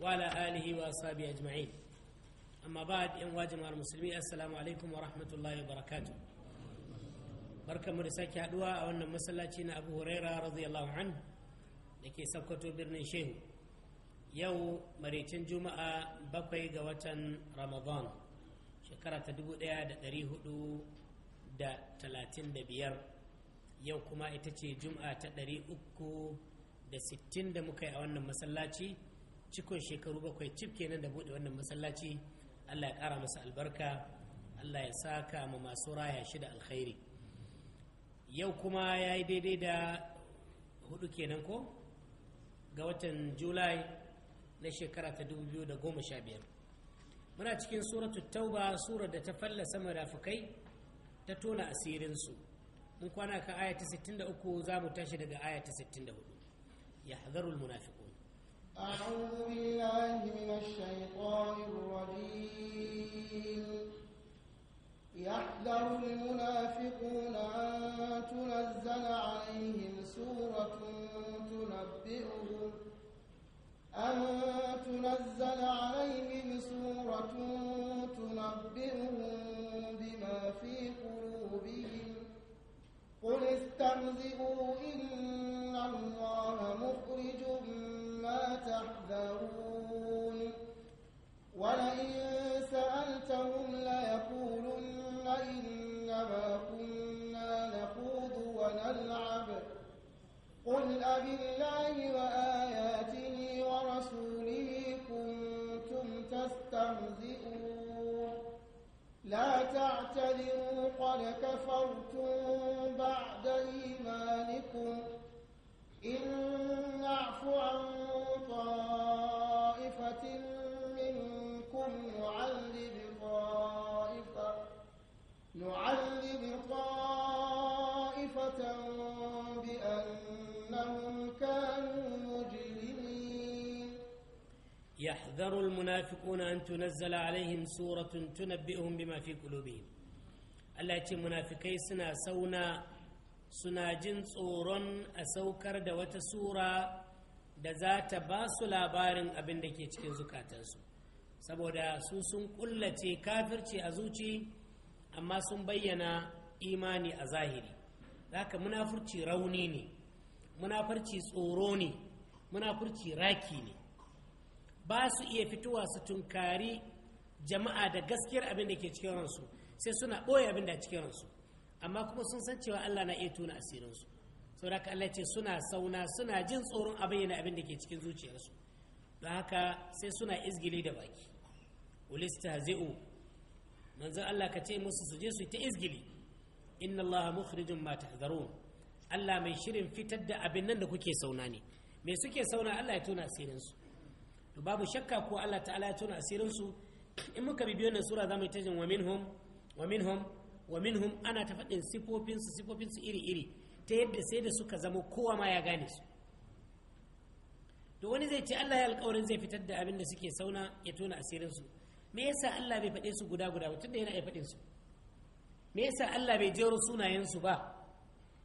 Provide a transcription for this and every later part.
وعلى آله وأصحابه أجمعين أما بعد إن واجمع المسلمين السلام عليكم ورحمة الله وبركاته بركة مرساكي هدوها أو أن مسلاتين أبو هريرة رضي الله عنه لكي سبكتو برن شيهو يو مريتين جمعة بقي قوة رمضان شكرا تدبو ديا دا دو دا تلاتين دا yau kuma ita ce جمعة ta أكو da muka yi a wannan masallaci cikon shekaru bakwai cif kenan da buɗe wannan masallaci allah ya ƙara masa albarka allah ya saka ma masu raya shi da alkhairi yau kuma ya yi daidai da hudu kenan ko ga watan julai na shekara ta biyar. muna cikin suratu tauba surar da ta fallasa marafukai ta tona asirinsu mun kwana ka aya ta 63 za mu tashi daga aya ta 64 ya hadarul munafiq أعوذ بالله من الشيطان الرجيم يحذر المنافقون أن تنزل عليهم سورة تنبئهم أن تنزل عليهم سورة يشاءون أن تنزل عليهم سورة تنبئهم بما في قلوبهم Allah ce munafikai suna sauna suna jin tsoron a saukar da wata sura da za ta ba su labarin abin da ke cikin zukatansu saboda su sun kullace kafirci a zuci amma sun bayyana imani a zahiri haka munafurci rauni ne munafurci tsoro ne munafurci raki ne ba su iya fitowa su tunkari jama'a da gaskiyar abin da ke cikin ransu sai suna ɓoye abin da cikin ransu amma kuma sun san cewa Allah na iya tuna asirinsu sau haka Allah ce suna sauna suna jin tsoron abin yana abin da ke cikin zuciyarsu don haka sai suna izgili da baki ulista zai'u manzon Allah ka ce musu su je su ta izgili inna Allah mukhrijun ma zaro. Allah mai shirin fitar da abin nan da kuke sauna ne me suke sauna Allah ya tuna asirinsu to babu shakka ko Allah ta'ala ya tona asirin su in muka bi na sura zamu ta jin wa minhum wa minhum wa minhum ana ta faɗin sifofin su sifofin su iri iri ta yadda sai da suka zama kowa ma ya gane su to wani zai ce Allah ya alƙawarin zai fitar da abin da suke sauna ya tona asirin su me yasa Allah bai faɗe su guda guda tunda yana iya fadin su me yasa Allah bai jero sunayen su ba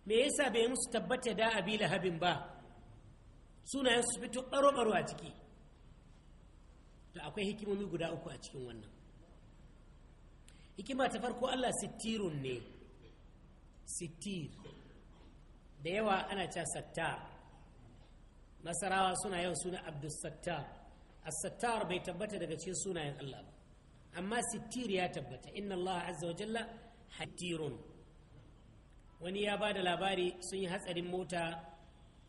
me yasa bai musu tabbata da abila habin ba sunayen su fito ɓaro-ɓaro a ciki to akwai hikimomi guda uku a cikin wannan hikima ta farko allah sittirun ne sittir da yawa ana cewa sattar nasarawa suna yau suna abdulsattar as-sattar bai tabbata daga cikin sunayen allah ba amma sittir ya tabbata inna allah azza wa jalla hattirun wani ya ba da labari sun yi hatsarin mota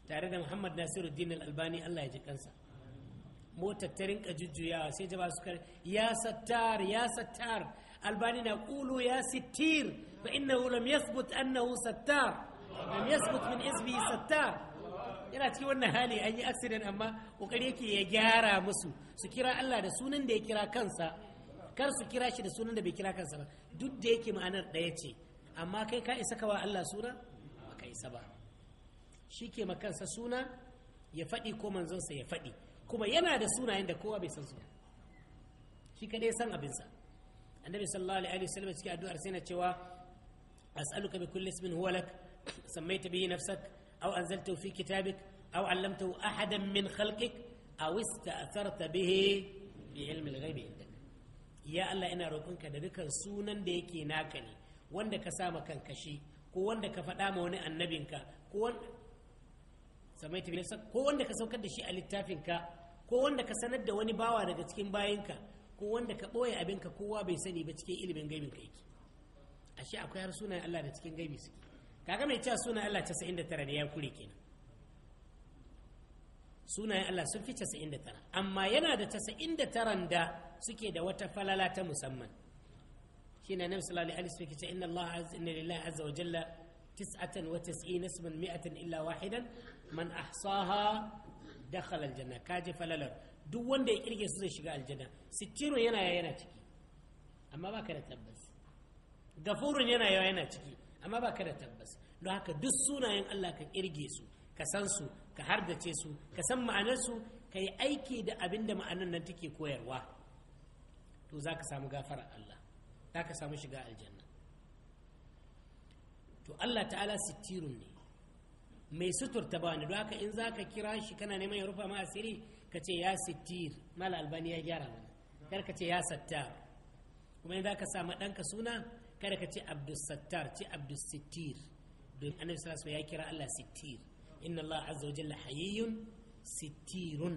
tare da muhammad nasiruddin al-albani allah ya ji kansa motar ta rinka jujjuyawa sai jama'a suka ya sattar ya sattar albani na kulu ya sittir fa innahu lam yathbut annahu sattar lam yathbut min ismi sattar yana cikin wannan hali an yi accident amma kokari yake ya gyara musu su kira Allah da sunan da ya kira kansa kar su kira shi da sunan da bai kira kansa ba duk da yake ma'anar ɗaya ce amma kai ka isa kawa Allah suna ba ka isa ba shi ke makansa suna ya faɗi ko manzonsa ya faɗi kuma yana da sunayen da kowa bai san su shi kadai san abinsa annabi sallallahu alaihi wasallam cikin addu'ar sai na cewa as'aluka bi kulli ismin huwa lak sammaita bihi nafsak aw anzaltahu fi kitabik aw 'allamtahu ahadan min khalqik aw ista'tharta bihi bi ilmi al-ghaib indak ya Allah ina roƙonka da dukkan sunan da yake naka ne wanda ka sa ma kanka shi ko wanda ka faɗa ma wani annabinka ko wanda sammaita bi nafsak ko wanda ka saukar da shi a littafinka ko wanda ka sanar da wani bawa daga cikin bayanka ko wanda ka ɓoye abinka kowa bai sani ba cikin ilimin gaibin ka yake ashe akwai har sunan Allah da cikin gaibi suke kaga mai cewa sunan Allah 99 ne ya kure kenan sunayen Allah sun fi 99 amma yana da 99 da suke da wata falala ta musamman na annabi sallallahu alaihi wasallam yake inna Allah inna lillahi azza wa jalla 99 isman mi'atan illa wahidan man ahsaha dakhala aljanna kaji falalar duk wanda ya kirge su zai shiga aljanna sittirun yana yawa yana ciki amma baka da tabbas gafurun yana yawa yana ciki amma baka da tabbas don haka duk sunayen Allah ka kirge su ka san su ka hardace su ka san ma'anar su ka yi aiki da abinda ma'anar nan take koyarwa to za ka samu gafarar Allah za ka samu shiga aljanna to Allah ta'ala Sitirun ne mai suturta ba wani haka in za ka kira shi kana neman ya rufa ma asiri ka ce ya sittir albani ya gyara mana kar ka ce ya sattar kuma in za ka samu ɗanka suna kada ka ce abdulsattar ce abdulsittir don annabi sallallahu ya kira Allah sittir inna Allah azza wa jalla hayyun sittirun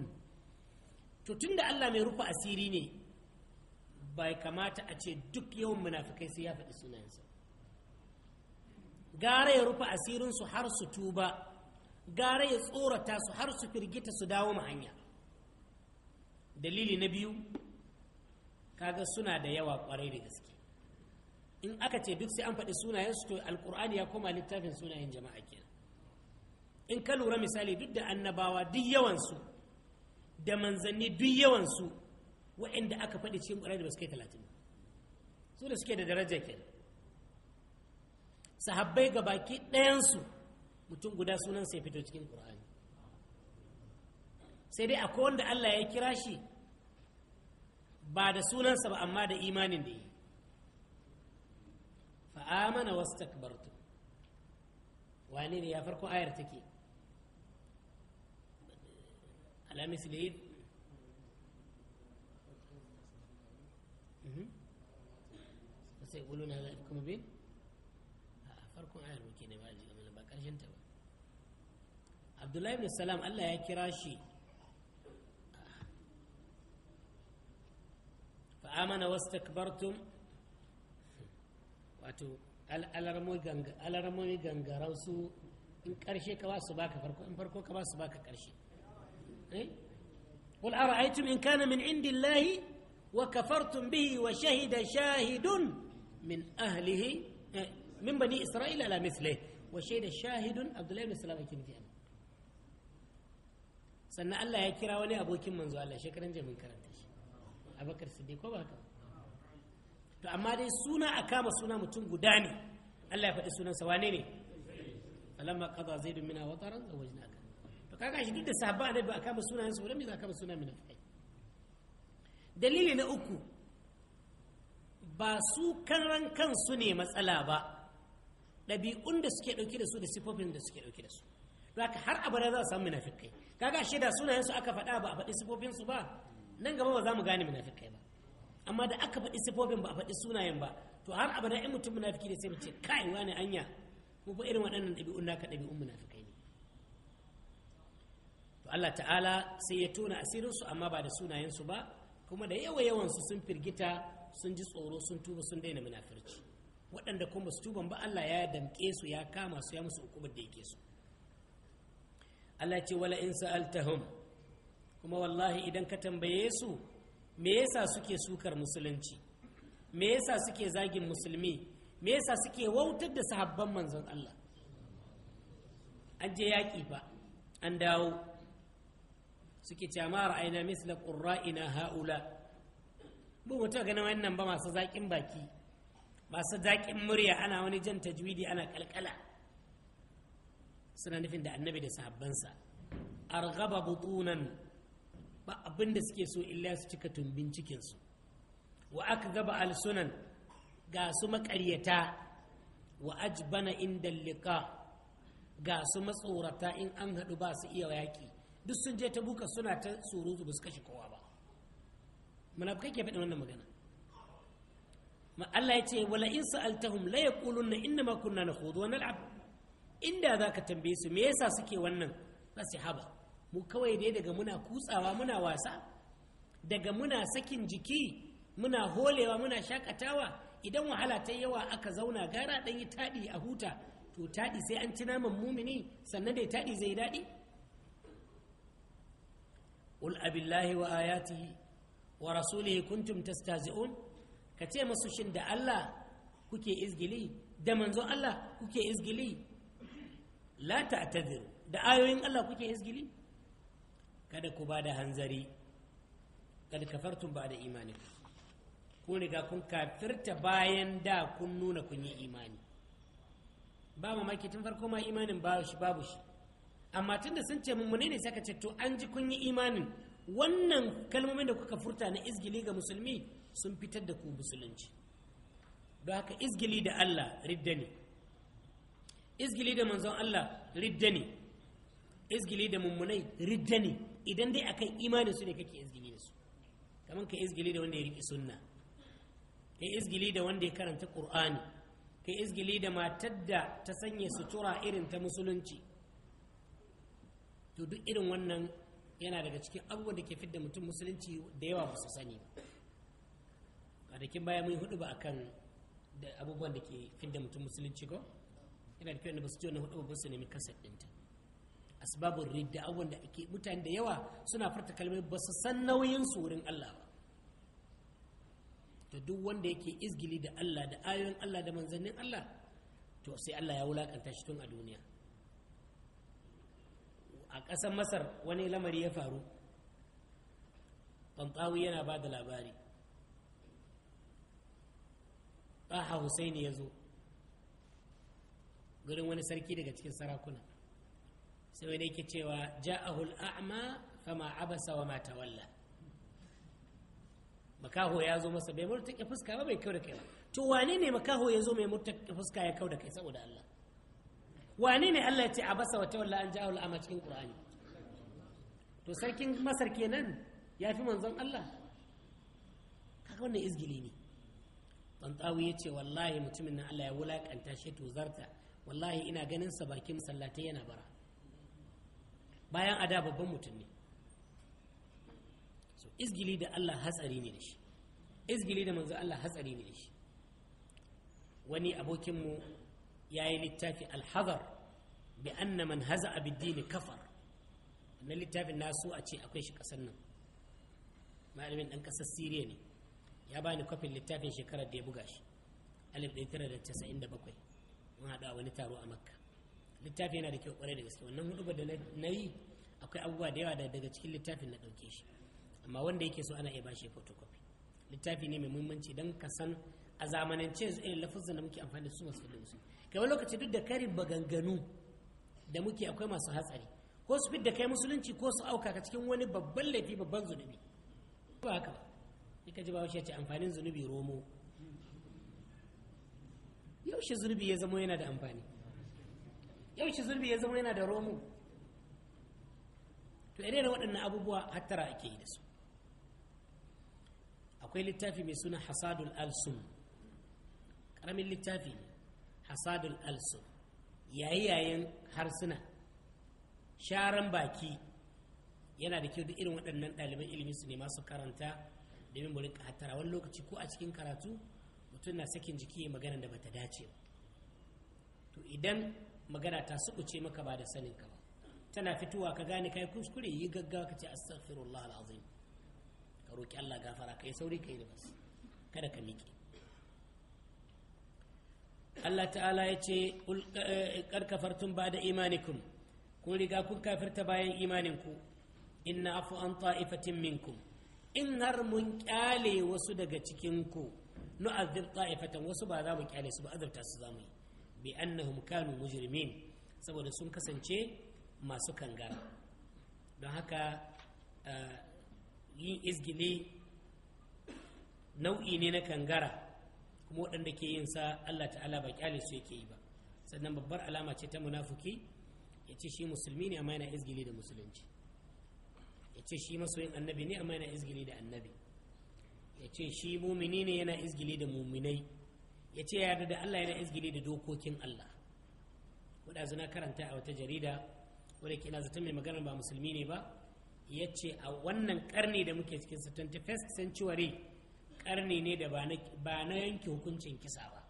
to tunda Allah mai rufa asiri ne bai kamata a ce duk yawan munafikai sai ya faɗi sunayensa gara ya rufe asirinsu har su tuba gara ya tsorata su har su firgita su dawo hanya dalili na biyu kaga suna da yawa kwarai da gaske in aka ce duk sai an faɗi sunayensu to alkur'ani ya koma littafin sunayen jama'a kenan in ka lura misali duk da annabawa duk yawansu da manzanni duk yawansu waɗanda aka faɗi cikin kwarai da gaske talatin su da suke da daraja kenan sahabbai ga baki ɗayansu mutum guda sunan sai fito cikin ƙur'ani sai dai akwai wanda Allah ya kira shi ba da sunansa ba amma da imanin da yi fa'amana wastakbartu wane ne ya farko ayar take alamis da mhm. sai guluna na kuma bin abdullahi ibn salam allah ya kira shi fa'amana wastakbartum wato alarmomi gangarau su in karshe ka ba su farko in farko ka ba su karshe قل أرأيتم إن كان من عند الله وكفرتم به وشهد شاهد من أهله من بني إسرائيل على مثله وشهد شاهد عبد الله بن سلام sannan Allah ya kira wani abokin manzo Allah shekaran jamin karanta shi abakar siddiq ko ba haka to amma dai suna a kama suna mutum guda ne Allah ya faɗi sunan sa wane ne falamma qada zaidun minha wataran zawajnaka to kaga shi duk da sahabba annabi a kama sunayensu wala me za kama suna munafikai dalili na uku ba su karan kansu ne matsala ba ɗabi'un da suke ɗauke da su da sifofin da suke ɗauke da su zaka har abada za a samu munafikai kaga shi da sunayensu aka faɗa ba a faɗi sifofinsu ba nan gaba ba za mu gane munafikai ba amma da aka faɗi sifofin ba a faɗi sunayen ba to har abada in mutum munafiki ne sai mu ce kai wani anya ko fa irin waɗannan ɗabi'un naka ɗabi'un munafikai ne to Allah ta'ala sai ya tona asirinsu amma ba da sunayensu ba kuma da yawa yawansu sun firgita sun ji tsoro sun tuba sun daina munafirci waɗanda kuma su tuban ba Allah ya damƙe su ya kama su ya musu hukumar da yake su Allah ce wala in sa'altahum kuma wallahi idan ka tambaye su me yasa suke sukar musulunci me yasa suke zagin musulmi me yasa suke wautar da sahabban manzon Allah an je yaƙi fa an dawo suke cewa ma ra'ayna misla qurra'ina haula bu gani wa wannan ba masu zaƙin baki masu zaƙin murya ana wani jan tajwidi ana kalkala suna nufin da annabi da sahabbansa argaba butunan ba abin da suke so illa su cika tumbin cikinsu wa aka gaba alsunan ga su maƙaryata wa ajbana inda liqa ga su matsorata in an haɗu ba su iya yaƙi duk sun je ta buka suna ta surutu ba su kashe kowa ba munafikai ke faɗin wannan magana ma Allah ya ce wala in sa'altahum la yaquluna inna ma kunna nakhudu wa nal'ab inda za ka tambaye su me yasa suke wannan za mu kawai dai daga muna kutsawa muna wasa daga muna sakin jiki muna holewa muna shakatawa idan wahala ta yawa aka zauna gara dan yi taɗi a huta to taɗi sai an ci naman mumini sannan dai taɗi zai daɗi قل أب wa وآياته ورسوله كنتم kace musu shin da allah kuke izgili da manzo Allah kuke izgili? la ta'tadiru da ayoyin Allah kuke izgili kada ku ba da hanzari kad kafartum ba da imani ku riga kun kafirta bayan da kun nuna kun yi imani ba mamaki tun farko ma imanin babu shi babu shi amma tunda sun ce mun ne saka ce to an ji kun yi imanin wannan kalmomin da kuka furta na izgili ga musulmi sun fitar da ku musulunci don haka izgili da Allah ridda ne izgili da manzon Allah ridda ne izgili da mummunai ridda ne idan dai akan imanin su ne kake izgili da su kamar ka izgili da wanda ya riƙe sunna ka izgili da wanda ya karanta qur'ani ka izgili da matar da ta sanya sutura irin ta musulunci to duk irin wannan yana daga cikin abubuwan da ke fidda mutum musulunci da yawa ba su sani ba kwanakin baya mun hudu ba akan da abubuwan da ke fidda mutum musulunci ko yana da kyau da basu ji wannan hudu ba su nemi kasar ɗinta asbabun ridda abubuwan da ake mutane da yawa suna furta kalmai ba su san nauyin su wurin Allah ba to duk wanda yake izgili da Allah da ayoyin Allah da manzannin Allah to sai Allah ya wulakanta shi tun a duniya a ƙasar Masar wani lamari ya faru Tantawi yana ba da labari ɗaha Husaini ya zo gurin wani sarki daga cikin sarakuna sai wani yake cewa ja'ahul a'ma fama abasa wa ma tawalla makaho ya zo masa bai murtaƙe fuska ba bai kau da kai ba to wane ne makaho ya zo mai murtaƙe fuska ya kau da kai saboda Allah wane ne Allah ya ce abasa wa tawalla an ja'ahul a'ma cikin Qur'ani to sarkin Masar kenan ya fi manzon Allah kaga wannan izgili ne Tsantawi ya ce wallahi mutumin nan Allah ya wulakanta shi to zarta wallahi ina ganin sa bakin masallatai yana bara bayan ada babban mutum ne so izgili da Allah hatsari ne da shi izgili da manzo Allah hatsari ne da shi wani abokinmu ya yi littafi alhazar bi anna man haza abiddini kafar na littafin nasu a ce akwai shi kasar nan malamin ɗan ƙasar siriya ne ya bani kwafin littafin shekarar da ya buga shi 1997 mun haɗu a wani taro a makka littafi yana da kyau kwarai da gaske wannan hudu da na yi akwai abubuwa da yawa daga cikin littafin na ɗauke shi amma wanda yake so ana iya bashi photocopy littafi ne mai muhimmanci don ka san a zamanance yanzu irin lafuzan da muke amfani da su masu da su kamar lokaci duk da karin maganganu da muke akwai masu hatsari ko su fidda kai musulunci ko su auka ka cikin wani babban laifi babban zunubi ba haka ba ka ji ba ce amfanin zunubi romo yaushe zurbi ya zama yana da amfani yaushe zurbi ya zama yana da romo to irin waɗannan abubuwa hattara ake yi da su akwai littafi mai suna hasadul alsun ƙaramin littafi ne hasadul alsun yayin harsuna sharan baki yana da kyau da irin waɗannan ɗaliban ilimin su ne masu karanta domin bari ka hattara wani lokaci ko a cikin karatu mutum na sakin jiki magana da bata dace ba to idan magana ta sukuce maka ba da sanin ka ba tana fitowa ka gane kai kuskure yi gaggawa ka ce astaghfirullah alazim ka roki Allah gafara kai sauri kai da bas kada ka miƙe Allah ta'ala ya ce karkafartun eh, ba da imanikum kun riga kun kafirta bayan imaninku inna afu an ta'ifatin minkum in har mun kyale wasu daga cikinku nu'adhib ta'ifatan wasu ba za mu kyale su ba azabta su za mu yi bi annahum kanu mujrimin saboda sun kasance masu kangara don haka yin izgili nau'i ne na kangara kuma waɗanda ke yin sa Allah ta'ala ba kyale su yake yi ba sannan babbar alama ce ta munafuki ya ce shi musulmi ne amma yana izgili da musulunci ya ce shi masoyin annabi ne amma yana izgili da annabi ya ce shi mumini ne yana izgili da muminai ya ce ya yarda da Allah yana izgili da dokokin Allah wadda na karanta a wata jarida wadda ke zata mai magana ba musulmi ne ba ya ce a wannan karni da muke cikin 21st century karni ne da ba na yanke hukuncin kisa ba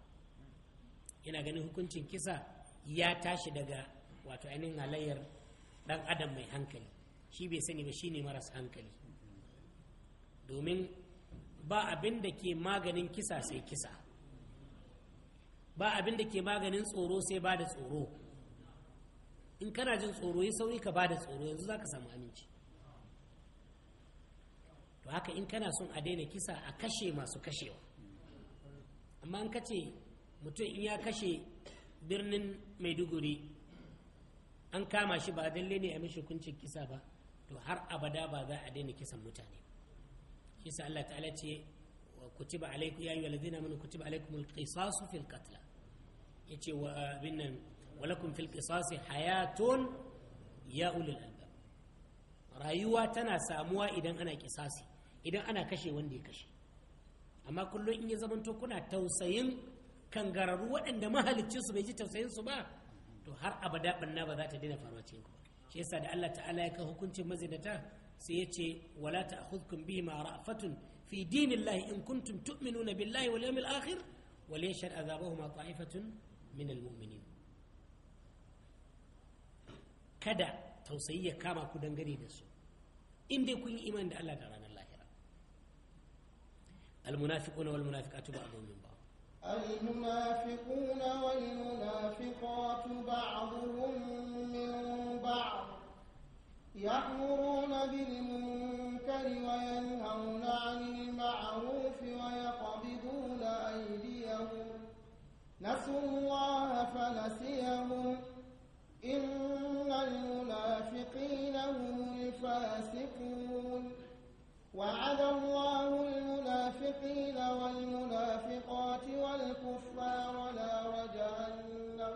yana ganin hukuncin kisa ya tashi daga wato ainihin halayyar dan adam mai hankali shi bai sani ba shi ne maras hankali domin ba abin da ke maganin kisa sai kisa ba abin da ke maganin tsoro sai ba da tsoro in kana jin tsoro yi sauri ka ba da tsoro yanzu za ka samu aminci to haka in kana son a daina kisa a kashe masu kashewa amma an kace mutum in ya kashe birnin maiduguri an kama shi ba dalle ne a mishi hukuncin kisa ba to har abada ba za a daina kisan mutane ba yasa Allah ta'ala ce wa kutiba alaikum ya ayyuhal ladzina amanu kutiba alaikumul qisasu fil Ya ce wa abin nan walakum fil qisasi hayatun ya ulul albab rayuwa tana samuwa idan ana kisasi idan ana kashe wanda ya kashe amma kullum in ya zamanto kuna tausayin gararru waɗanda mahalicci su bai ji tausayin su ba to har abada banna ba za ta daina faruwa cikin ku shi yasa da Allah ta'ala ya kai hukuncin mazinata sai ya ce wala ta'khudhukum bihi ma ra'fatun fi dinillahi in kuntum tu'minuna billahi wal yawmil akhir wal yashhad azabahuma ta'ifatun min al mu'minin kada tausayi ya kama ku dangane da su in dai kun yi imani da Allah da ranar lahira al munafiquna wal munafiqatu ba'dhum min ba'd المنافقون والمنافقات بعضهم من بعض يأمرون بالمنكر وينهون عن المعروف ويقبضون أيديهم نسوا الله فنسيهم إن المنافقين هم الفاسقون وعد الله المنافقين والمنافقات والكفار نار جهنم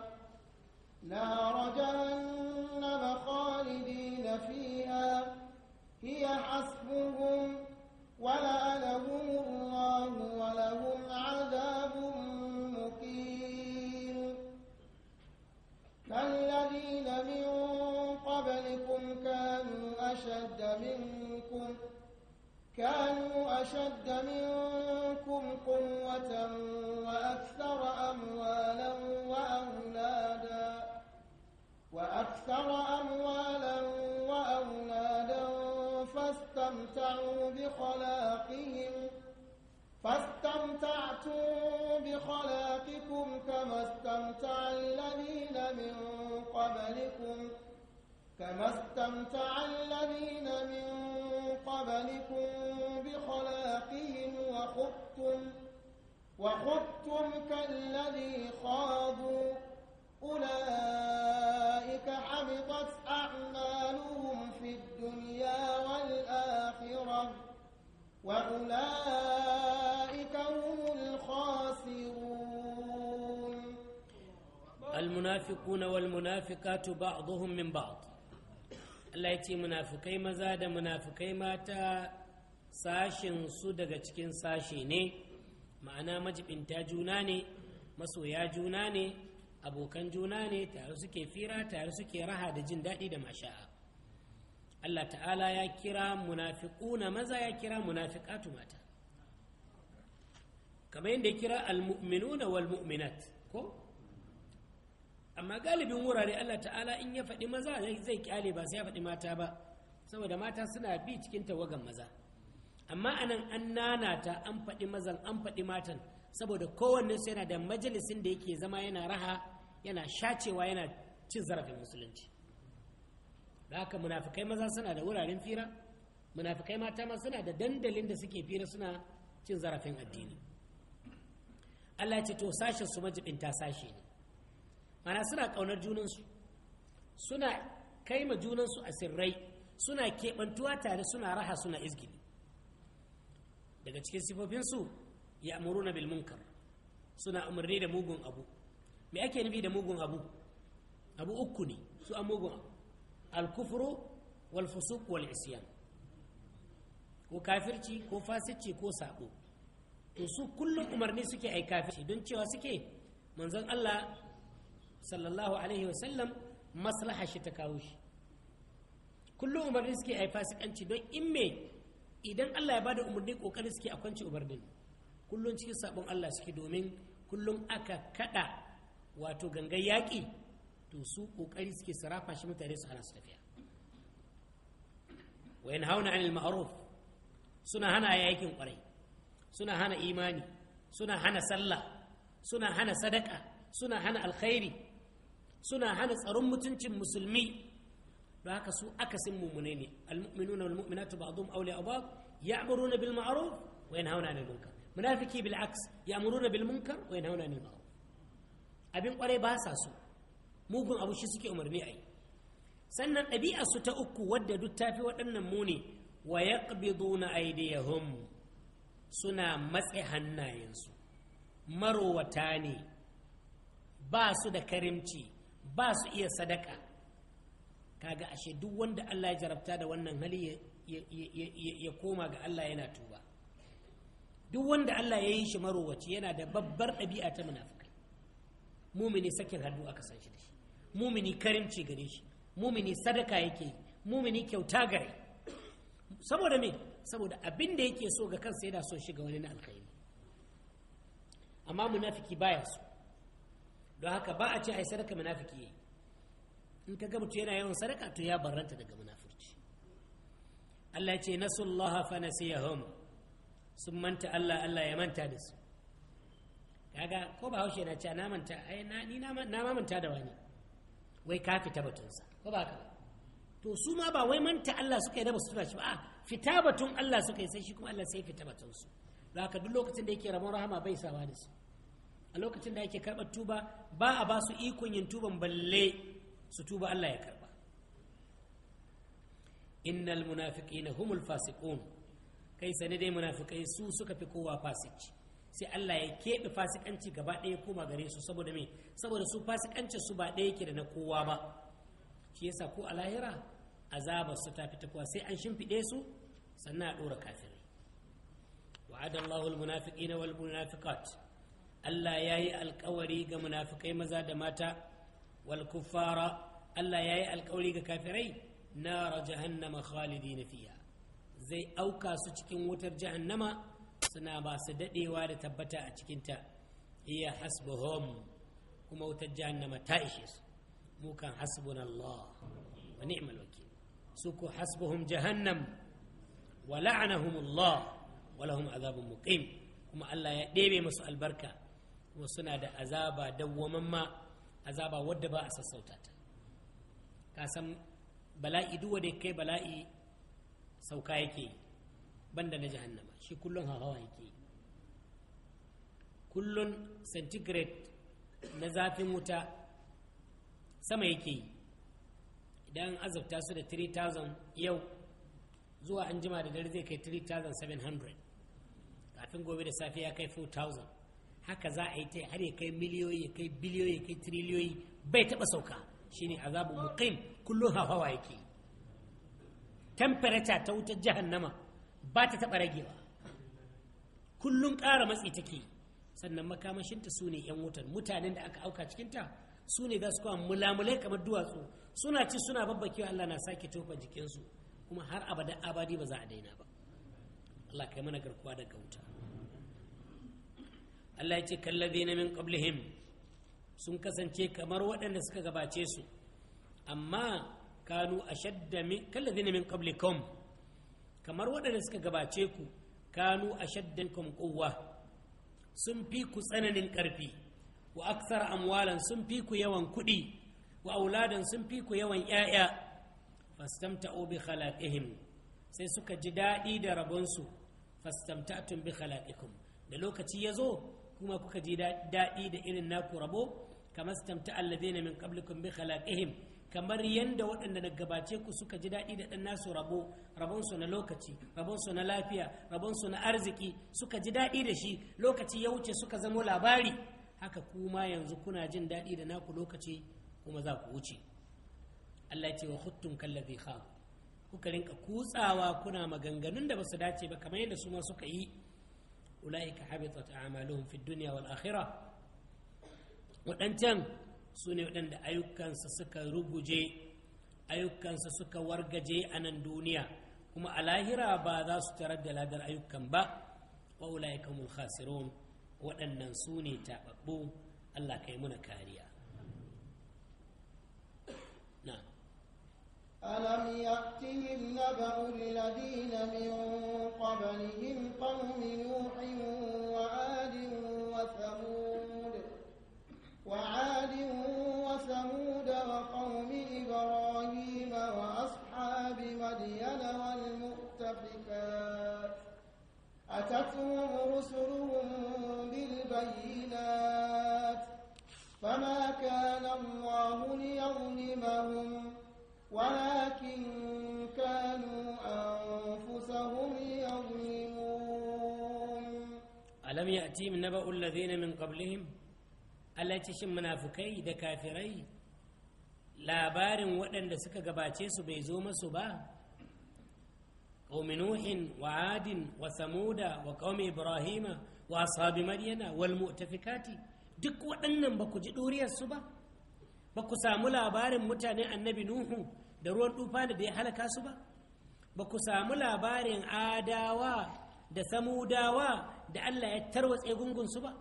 نار جهنم فيها هي حسبهم ولا لهم الله ولهم عذاب مقيم كالذين من قبلكم كانوا أشد منكم كانوا أشد منكم قوة وأكثر أموالا وأولادا وأكثر أموالا استمتعتم بخلاقكم كما استمتع الذين من قبلكم كما استمتع الذين من قبلكم بخلاقهم وخبتم وخبتم كالذي خاضوا أولئك حبطت أعمالهم في الدنيا والآخرة وأولئك المنافقون والمنافقات بعضهم من بعض Allah ya ce munafikai maza da munafikai mata sashin su daga cikin sashe ne ma'ana majibinta juna ne masoya juna ne abokan juna ne tare suke fira tare suke raha da jin daɗi da masha'a Allah ta'ala ya kira munafiquna maza ya kira munafiqatu mata kamar yadda ya kira almu'minuna na walmuminat, ko amma galibin wurare Allah ta'ala in ya faɗi maza zai kyale ba sai ya faɗi mata ba saboda mata suna bi cikin tawagan maza amma anan an nanata an faɗi mazan an faɗi matan saboda kowanne su yana da majalisin da yake zama yana raha yana shacewa yana cin zarafin musulunci da haka munafikai maza suna da wuraren fira munafikai mata ma suna da dandalin da suke fira suna cin zarafin addini Allah ce to sashen su majibinta sashe ne mana suna ƙaunar junansu suna kai ma junansu a sirrai suna keɓantuwa tare suna raha suna izgili daga cikin sifofinsu ya amuru na bilmunkar suna umarni da mugun abu me ake nufi da mugun abu abu uku ne su an mugun alkufuru wal wal isyan ko kafirci ko fasici ko sabo to su kullum umarni suke ai kafirci don cewa suke manzon Allah sallallahu alaihi wasallam maslaha shi ta kawo shi kullum umarni suke a yi fasikanci don in me idan Allah ya bada umarni kokarin suke a kwanci umarnin kullum cikin sabon Allah suke domin kullum aka kada wato gangan yaƙi to su kokari suke sarrafa shi mutane su hana su tafiya wa hauna anil ma'ruf suna hana yakin kwarai suna hana imani suna hana sallah suna hana sadaka suna hana alkhairi suna hana tsaron mutuncin musulmi don haka su akasin mummune ne almu'minuna wal mu'minatu ba'dhum awliya ba'd ya'muruna bil ma'ruf wa yanhauna 'anil munkar munafiki bil aks ya'muruna bil munkar wa yanhauna 'anil ma'ruf abin kwarai ba sa so mugun abu shi suke umarni ai sannan ɗabi'a su ta uku wadda duk tafi waɗannan muni wa yaqbiduna aydiyahum suna matse hannayensu marowata ne ba su da karimci ba su iya sadaka kaga ashe duk wanda Allah ya jarabta da wannan hali ya koma ga Allah yana tuba duk wanda Allah ya yi shi marowaci yana da babbar ɗabi'a ta munafukai mumini sakin hannu aka san shi da shi mumini karimci gare shi mumini sadaka yake mumini kyauta gare saboda me saboda abin da yake so ga kansa yana so shiga wani na alkhairi amma munafiki baya so don haka ba a ce a yi sadaka munafiki yi. in ka ga yana yawan sadaka to ya barranta daga munafurci Allah ya ce nasullah fa nasiyahum sun manta Allah Allah ya manta da su kaga ko ba haushe na ce na manta ai na ni na ma manta da wani wai ka fita batunsa ko ba ka to su ma ba wai manta Allah suka yi da ba su shi ba a fita batun Allah suka yi sai shi kuma Allah sai fita batun su da haka duk lokacin da yake ramon rahama bai sawa da su a lokacin da ake karɓar tuba ba a ba su ikon yin tuban balle su tuba Allah ya karɓa innal munafiqina humul fasiqun kai sani dai munafikai su suka fi kowa fasici sai Allah ya keɓe fasikanci gaba ɗaya koma gare su saboda me saboda su fasikancin su ba ɗaya yake da na kowa ba shi yasa ko a lahira azaba su ta fi ta sai an shimfiɗe su sannan a ɗora kafirai wa'adallahu almunafiqina wal munafiqat Allah ya yi alkawari ga munafikai maza da mata wal kuffara Allah ya yi alkawari ga kafirai na jahannama khalidina fiya zai auka su cikin wutar jahannama suna masu dadewa da tabbata a cikinta iya hasbuhum kuma wutar jahannama ta ishe su mu kan hasbunallah wa ni'mal wakil su ku hasbuhum jahannam wa la'anahumullah wa lahum azabun muqim kuma Allah ya ɗebe masu albarka kuma suna da azaba ma azaba wadda ba a sassauta ta kasan bala'i duk wanda kai bala'i sauka yake banda na jahannama shi kullun hawa yake kullun centigrade na zafin wuta sama yake yi idan azabta su da 3000 yau zuwa an jima da dare zai kai 3700 kafin gobe da safiya ya kai 4000 haka za a yi ta har ya kai miliyoyi ya kai biliyoyi ya kai triliyoyi bai taba sauka shine azabu muqim kullum hawa yake temperature ta wutar jahannama ba ta taɓa ragewa kullum ƙara matsi take sannan makamashinta su ne 'yan wutar mutanen da aka auka cikinta su ne za su kawo mulamulai kamar duwatsu suna ci suna babbakewa Allah na sake tofa jikinsu kuma har abada abadi ba za a daina ba Allah kai mana garkuwa daga wuta Allah ya ce kallazina min qablihim sun kasance kamar waɗanda suka gabace su amma kanu a shadda min kallazina min qablikum kamar waɗanda suka gabace ku kanu ashaddan kum quwwa sun fi ku tsananin ƙarfi wa aksar amwalan sun fi ku yawan kuɗi wa auladan sun fi ku yawan ƴaƴa fastamta'u bi khalaqihim sai suka ji daɗi da rabonsu fastamta'tum bi khalaqikum da lokaci ya zo kuma kuka ji daɗi da irin naku rabo kamar allabe alladhina min kablikun bi khalaqihim kamar yadda waɗanda na gabace ku suka ji daɗi da ɗan nasu rabo rabonsu na lokaci rabonsu na lafiya rabonsu na arziki suka ji daɗi da shi lokaci ya wuce suka zamo labari haka kuma yanzu kuna jin daɗi da naku lokaci kuma za ku wuce Allah ce wa huttun kalla khab kuka rinka kutsawa kuna maganganun da ba su dace ba kamar yadda su ma suka yi أولئك حبطت أعمالهم في الدنيا والآخرة وأنتم سوني ودن دا أيوك كان سسكا روبو جي أيوك كان سسكا ورق جي أنا الدنيا كما ألاهرا بادا سترد لدى أيوك كان با وأولئك هم الخاسرون وأن سوني تعبقبو ألا كيمنا كاريا نعم. ألم يأتهم نبأ الذين من قبلهم قوم نوح المؤتفكات أتتهم رسلهم بالبينات فما كان الله ليظلمهم ولكن كانوا أنفسهم يظلمون ألم يأتيهم نبأ الذين من قبلهم التي شم منافقي ذا كافري labarin waɗanda suka gabace su bai zo masu ba قوم نوح وعاد وثمود وقوم إبراهيم وأصحاب مدين والمؤتفكات duk waɗannan ba ku ji ɗuriyarsu ba ba ku samu labarin mutanen annabi nuhu da ruwan dufa da ya halaka su ba ba ku samu labarin adawa da samudawa da allah ya tarwatse gungunsu ba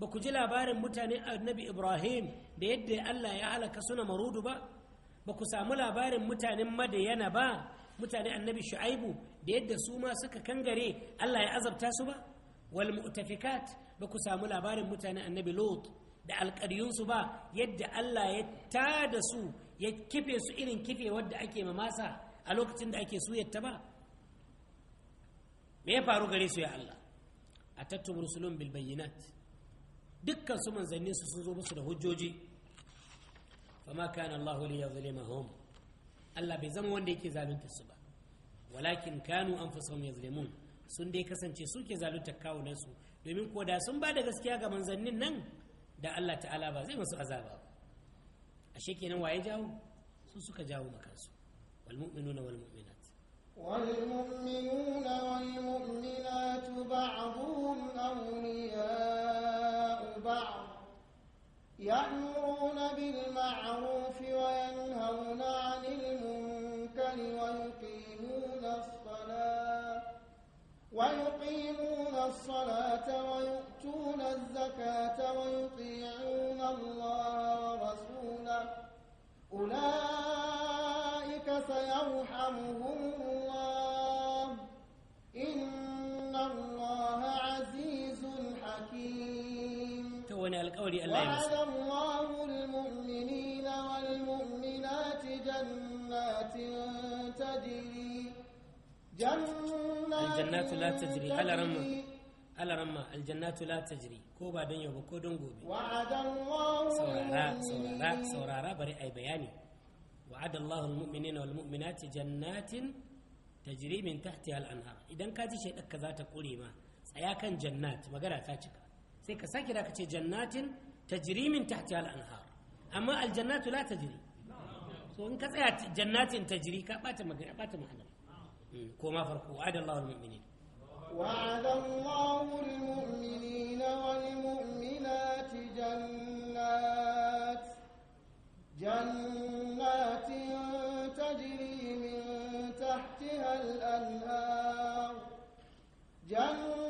ba ku ji labarin mutanen annabi ibrahim da yadda allah ya halaka suna marudu ba ba ku samu labarin mutanen madayana ba mutane annabi shu'aibu da yadda su ma suka kangare Allah ya azabta su ba wal mu'tafikat ba ku samu labarin mutane annabi lot da alƙaryunsu ba yadda Allah ya tada su ya kife su irin kife wadda ake mamasa a lokacin da ake suyatta ba me ya faru gare su ya Allah a tattun rusulun bil bayyinat dukkan su manzannin su sun zo musu da hujjoji fama kana Allah li Allah bai zama wanda yake zalunta su ba walakin kanu anfusahum yazlimun sun dai kasance suke zalunta kawunan su domin ko da sun ba da gaskiya ga manzannin nan da Allah ta'ala ba zai masu azaba ba ashe kenan waye jawo Sun suka jawo makansu wal mu'minuna wal mu'minat والمؤمنون والمؤمنات بعضهم أولياء يأمرون بالمعروف وينهون عن المنكر ويقيمون الصلاة ويقيمون الصلاة ويؤتون الزكاة ويطيعون الله ورسوله أولئك سيرحمهم الله alƙawari Allah ya masa Allahu alaramma alaramma aljannatu la tajri ko ba don yau ba ko don gobe saurara saurara saurara bari ai bayani wa'adallahu almu'minina wal mu'minati jannatin tajri min tahtiha al idan ka ji shaidar za ta kure ma tsaya kan jannat magana ta cika sai ka sake da ka ce jannatin tajri min tahtiha al-anhar amma aljannatu la tajri so in ka tsaya jannatin tajri ka bata magana bata ma'ana hmm, ko ma farko adallahu al-mu'minin وعد الله المؤمنين والمؤمنات جنات جنات تجري من تحتها الأنهار جنات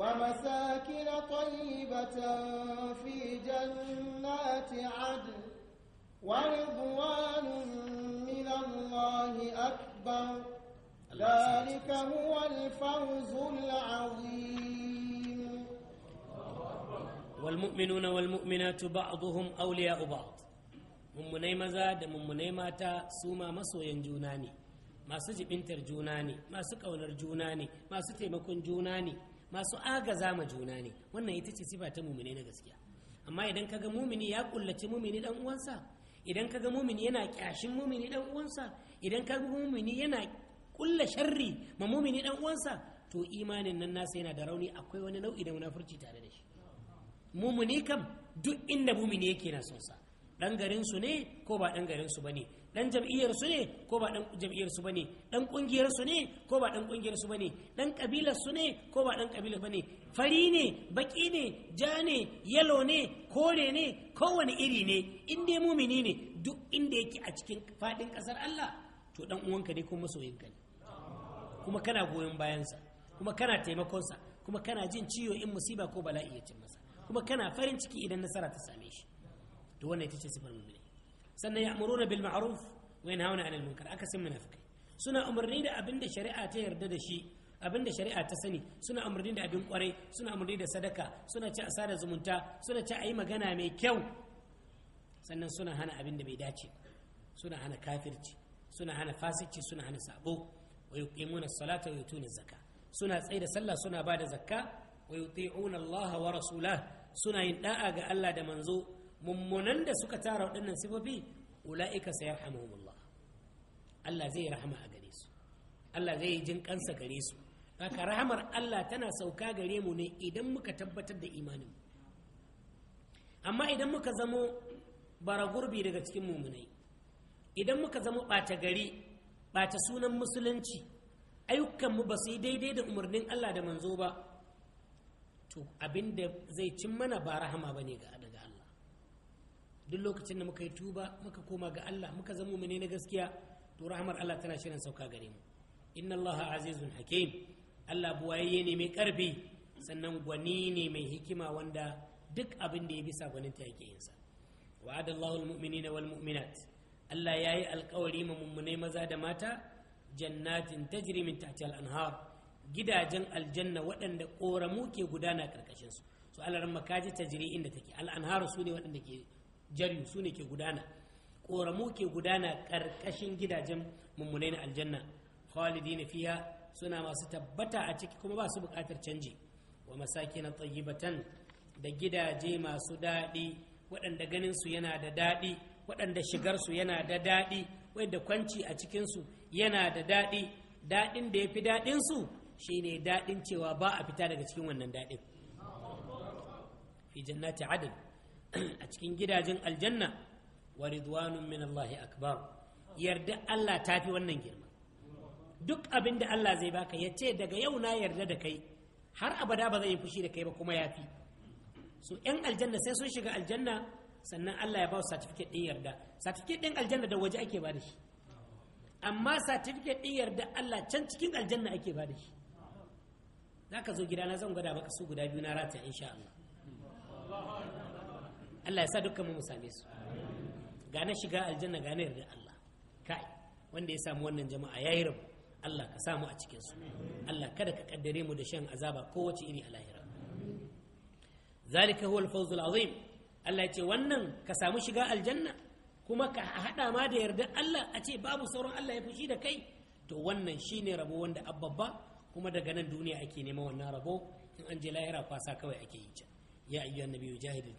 ومساكن طيبة في جنات عدن ورضوان من الله أكبر ذلك هو الفوز العظيم والمؤمنون والمؤمنات بعضهم أولياء بعض mummunai maza da mummunai mata su ma masoyan juna ne masu jibintar juna ne masu ƙaunar juna ne masu taimakon juna ne masu agaza ma juna ne wannan ita ce sifa ta mumini na gaskiya amma idan kaga mumini ya kullaci mumini dan uwansa idan kaga mumini yana kyashin mumini dan uwansa idan kaga mumini yana kulla sharri ma mumini dan uwansa to imanin nan nasa yana da rauni akwai wani nau'i da munafurci tare da shi mumini kam duk inda mumini yake na son sa dan garin su ne ko ba dan garin su bane dan jam'iyyar su ne ko ba dan jam'iyyar su bane dan kungiyar su ne ko ba dan kungiyar su bane dan kabilar su ne ko ba dan kabilar bane fari ne baki ne ja ne yalo ne kore ne kowane iri ne in dai mumini ne duk inda yake a cikin fadin kasar Allah to dan uwanka ne ko masoyinka ne kuma kana goyon bayansa kuma kana taimakonsa kuma kana jin ciwo in musiba ko bala'i ya cin masa kuma kana farin ciki idan nasara ta same shi to wannan ita ce sifar mu'mini sannan ya'muruna bil ma'ruf wa yanhauna 'anil munkar akasin munafikai suna umarni da abin da shari'a ta yarda da shi abin da shari'a ta sani suna umarni da abin kwarai suna umarni da sadaka suna ci asara zumunta suna ci ayi magana mai kyau sannan suna hana abin da bai dace suna hana kafirci suna hana fasici suna hana sabo wa yuqimuna salata wa yutuna zakka suna tsaida da sallah suna ba da zakka wa yuti'una Allah wa rasulah suna yin da'a ga Allah da manzo mummunan da suka tara waɗannan sifofi ula'ika sayarhamuhumullah Allah zai rahama a gare su Allah zai jin kansa gare su haka rahamar Allah tana sauka gare mu ne idan muka tabbatar da imanin amma idan muka zamo bara gurbi daga cikin mumunai idan muka zamo ɓata gari ɓata sunan musulunci ayyukanmu ba su yi daidai da umarnin Allah da manzo ba to abin da zai cin mana ba rahama ba ne ga adam duk lokacin da muka yi tuba muka koma ga Allah muka zama mu ne na gaskiya to rahmar Allah tana shirin sauka gare mu inna Allah azizun hakim Allah buwayayye ne mai karfi sannan gwani ne mai hikima wanda duk abin da ya bisa gwanin ta yake yinsa wa'adallahu almu'minina na mu'minat Allah ya yi alkawari ma mummunai maza da mata jannatin tajri min tahti al-anhar gidajen aljanna waɗanda ƙoramu ke gudana karkashin su so Allah ran makaji tajri inda take al-anhar su ne waɗanda ke jariyu su ne ke gudana ƙoramu ke gudana ƙarƙashin gidajen mummunai na aljanna khalidi na fiya suna masu tabbata a ciki kuma ba su buƙatar canji wa masaki na tsayi tsayibatan da gidaje masu daɗi waɗanda ganinsu yana da daɗi waɗanda shigar su yana da daɗi waɗanda kwanci a cikinsu yana da daɗi daɗin da ya fi daɗinsu shine daɗin cewa ba a fita daga cikin wannan daɗin fi jannati a cikin gidajen aljanna wa ridwanun min Allahi akbar yarda Allah ta fi wannan girma duk abin da Allah zai baka ya ce daga yau na yarda da kai har abada ba zai yi fushi da kai ba kuma ya fi so yan aljanna sai sun shiga aljanna sannan Allah ya ba su certificate din yarda certificate din aljanna da waje ake ba da shi amma certificate din yarda Allah can cikin aljanna ake ba da shi ka zo gidana zan gwada maka su guda biyu na rata insha Allah Allah ya sa dukkan mu same su ga na shiga aljanna ga na yarda Allah kai wanda ya samu wannan jama'a yayi rabu Allah ka samu a cikin su Allah kada ka kaddare mu da shan azaba kowace iri a lahira zalika huwa al-fawz al-azim Allah ya ce wannan ka samu shiga aljanna kuma ka hada ma da yarda Allah a ce babu sauran Allah ya fushi da kai to wannan shine rabo wanda abbabba kuma daga nan duniya ake nema wannan rabo in an je lahira kwasa kawai ake yi ya ayyuhan nabiyyu jahidil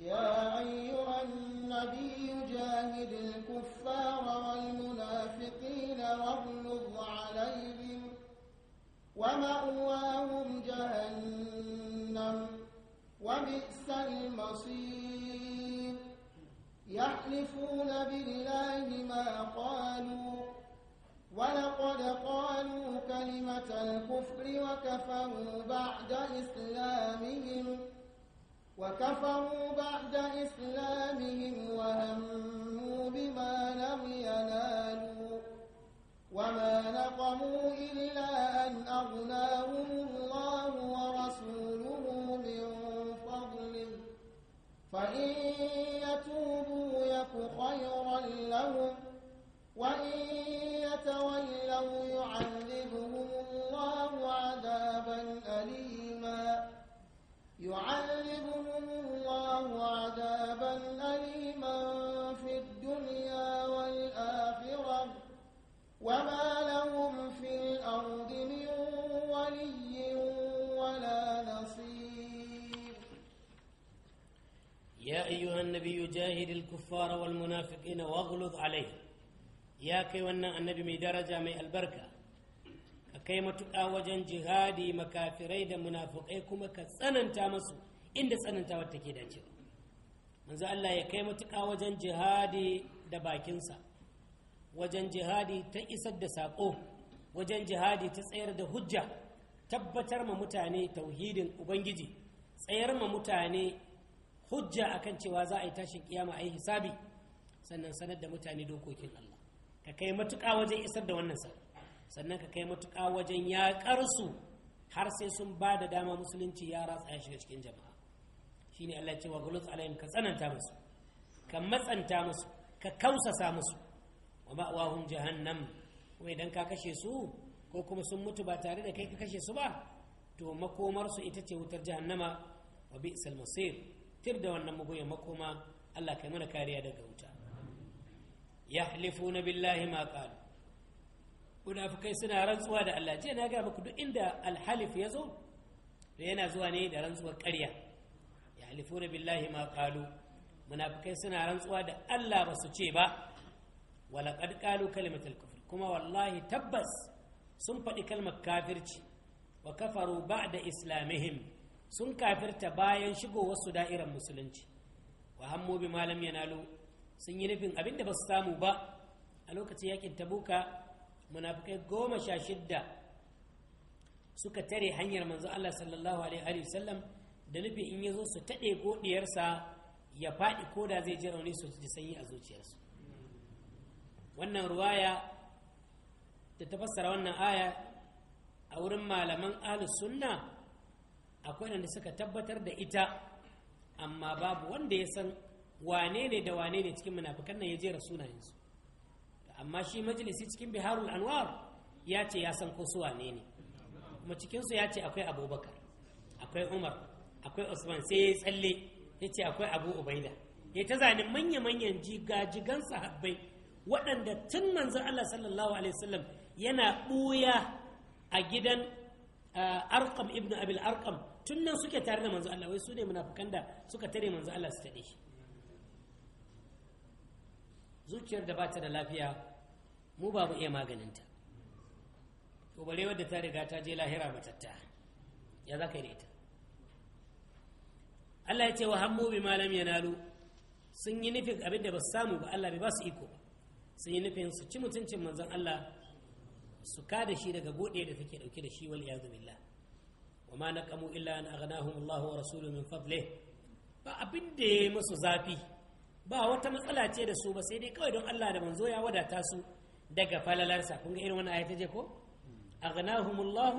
يا أيها النبي جاهد الكفار والمنافقين واغلظ عليهم ومأواهم جهنم وبئس المصير يحلفون بالله ما قالوا ولقد قالوا كلمة الكفر وكفروا بعد إسلامهم وكفروا بعد إسلامهم وهموا بما لم ينالوا وما نقموا إلا أن أغناهم الله ورسوله الكفار والمنافقين واغلظ عليهم يا كي ونا النبي مي درجة مي البركة كي ما تقاوجا جهادي مكافري دا منافقي كما كسنن تامسو إن سنن تاوتكي دا جوا منذ الله يا كي ما تقاوجا جهادي دا باكنسا wajen jihadi ta isar da saƙo wajen jihadi ta tsayar da hujja tabbatar ma mutane tauhidin ubangiji tsayar ma mutane hujja akan cewa za a yi tashin kiyama a yi hisabi sannan sanar da mutane dokokin Allah ka kai matuƙa wajen isar da wannan sa sannan ka kai matuƙa wajen yaƙar su har sai sun ba da dama musulunci ya ratsa ya shiga cikin jama'a shine Allah ya ce wa alaihim ka tsananta musu ka matsanta musu ka kausasa musu wa ma'awahum jahannam kuma idan ka kashe su ko kuma sun mutu ba tare da kai ka kashe su ba to makomarsu ita ce wutar jahannama wa bi'sal masir fitar da wannan mugun makoma Allah kai mana kariya daga wuta na billahi ma qalu munafikai suna rantsuwa da Allah jiya na ga muku duk inda alhalif ya zo da yana zuwa ne da rantsuwar ƙarya na billahi ma qalu munafikai suna rantsuwa da Allah ba su ce ba walaƙad ƙalu kalimatul kufr kuma wallahi tabbas sun faɗi kalmar kafirci wa kafaru ba'da islamihim sun kafirta bayan shigo wasu da'irar musulunci wa hammo bi malam nalo sun yi nufin abinda ba su samu ba a lokacin yakin tabuka munafikai goma sha shidda suka tare hanyar manzo Allah sallallahu alaihi wasallam da nufi in yazo su taɗe godiyarsa ya faɗi ko da zai ji rauni su ji sanyi a zuciyarsu wannan ruwaya da ta fassara wannan aya a wurin malaman ahlus sunna akwai wanda suka tabbatar da ita amma babu wanda ya san wane ne da wane ne cikin munafikan nan ya jera sunayensu amma shi majalisi cikin biharul anwar ya ce ya san ko su wane ne kuma cikinsu ya ce akwai abubakar akwai umar akwai usman sai ya tsalle ya ce akwai abu ubaida ya ta zane manya-manyan jigajigan sahabbai waɗanda tun manzon allah sallallahu alaihi wasallam yana ɓuya a gidan eh, arkam ibn abil arkam tun nan suke tare da manzo Allah wai su ne munafukan da suka tare manzo Allah su taɗe shi zuciyar da bata da lafiya mu babu iya maganinta to bare wadda ta riga ta je lahira matatta ya za ka yi ta Allah ya ce wa hammu bi malam yanalu sun yi nufin abin da ba su samu ba Allah bai ba su iko ba sun yi nufin su ci mutuncin manzon Allah su kada shi daga gode da take dauke da shi wal yazu billah wa ma kamu illa an aghnahum Allah wa rasuluhu min fadlih ba abin da yayi musu zafi ba wata matsala ce da su ba sai dai kawai don Allah da manzo ya wadata su daga falalarsa kun ga irin wannan ayata je ko aghnahum Allah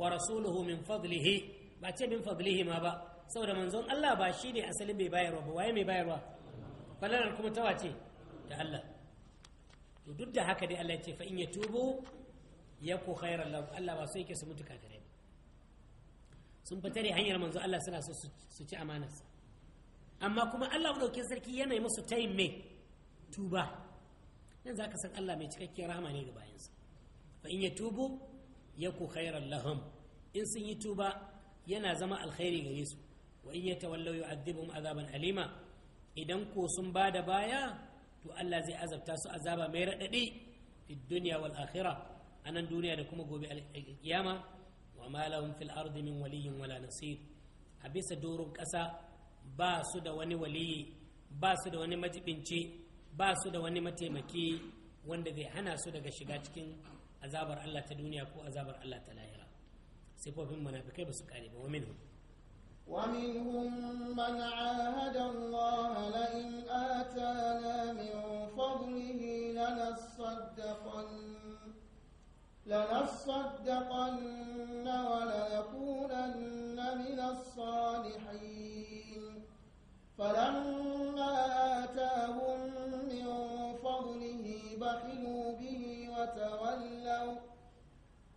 wa rasuluhu min fadlihi ba ce min fadlihi ma ba saboda manzon Allah ba shi ne asalin mai bayarwa ba waye mai bayarwa falalar kuma ta wace ta Allah to duk da haka dai Allah ya ce fa in yatubu yaku khairan lahu Allah ba so ke su mutu kafirai sun fita da hanyar manzo Allah suna so su ci amanarsa amma kuma Allah ɗaukin sarki yana musu tayin mai tuba nan za ka san Allah mai cikakkiyar rahama ne ga bayansa fa in ya tubu ya ku khairan lahum in sun yi tuba yana zama alkhairi gare su wa in ya tawallau yu'adhibuhum azaban alima idan ko sun ba da baya to Allah zai azabta su azaba mai raɗaɗi fi duniya wal akhirah anan duniya da kuma gobe alƙiyama wa malamin lahum fil ardi wala nasir a bisa doron ƙasa ba su da wani waliyi ba su da wani majibinci ba su da wani mataimaki wanda zai hana su daga shiga cikin azabar Allah ta duniya ko azabar Allah ta lahira sifofin munafikai ba su kare ba wa minhum ومنهم من عاهد الله لئن آتانا من فضله لنصدقن لنصدقن ولنكونن من الصالحين فلما آتاهم من فضله بخلوا به وتولوا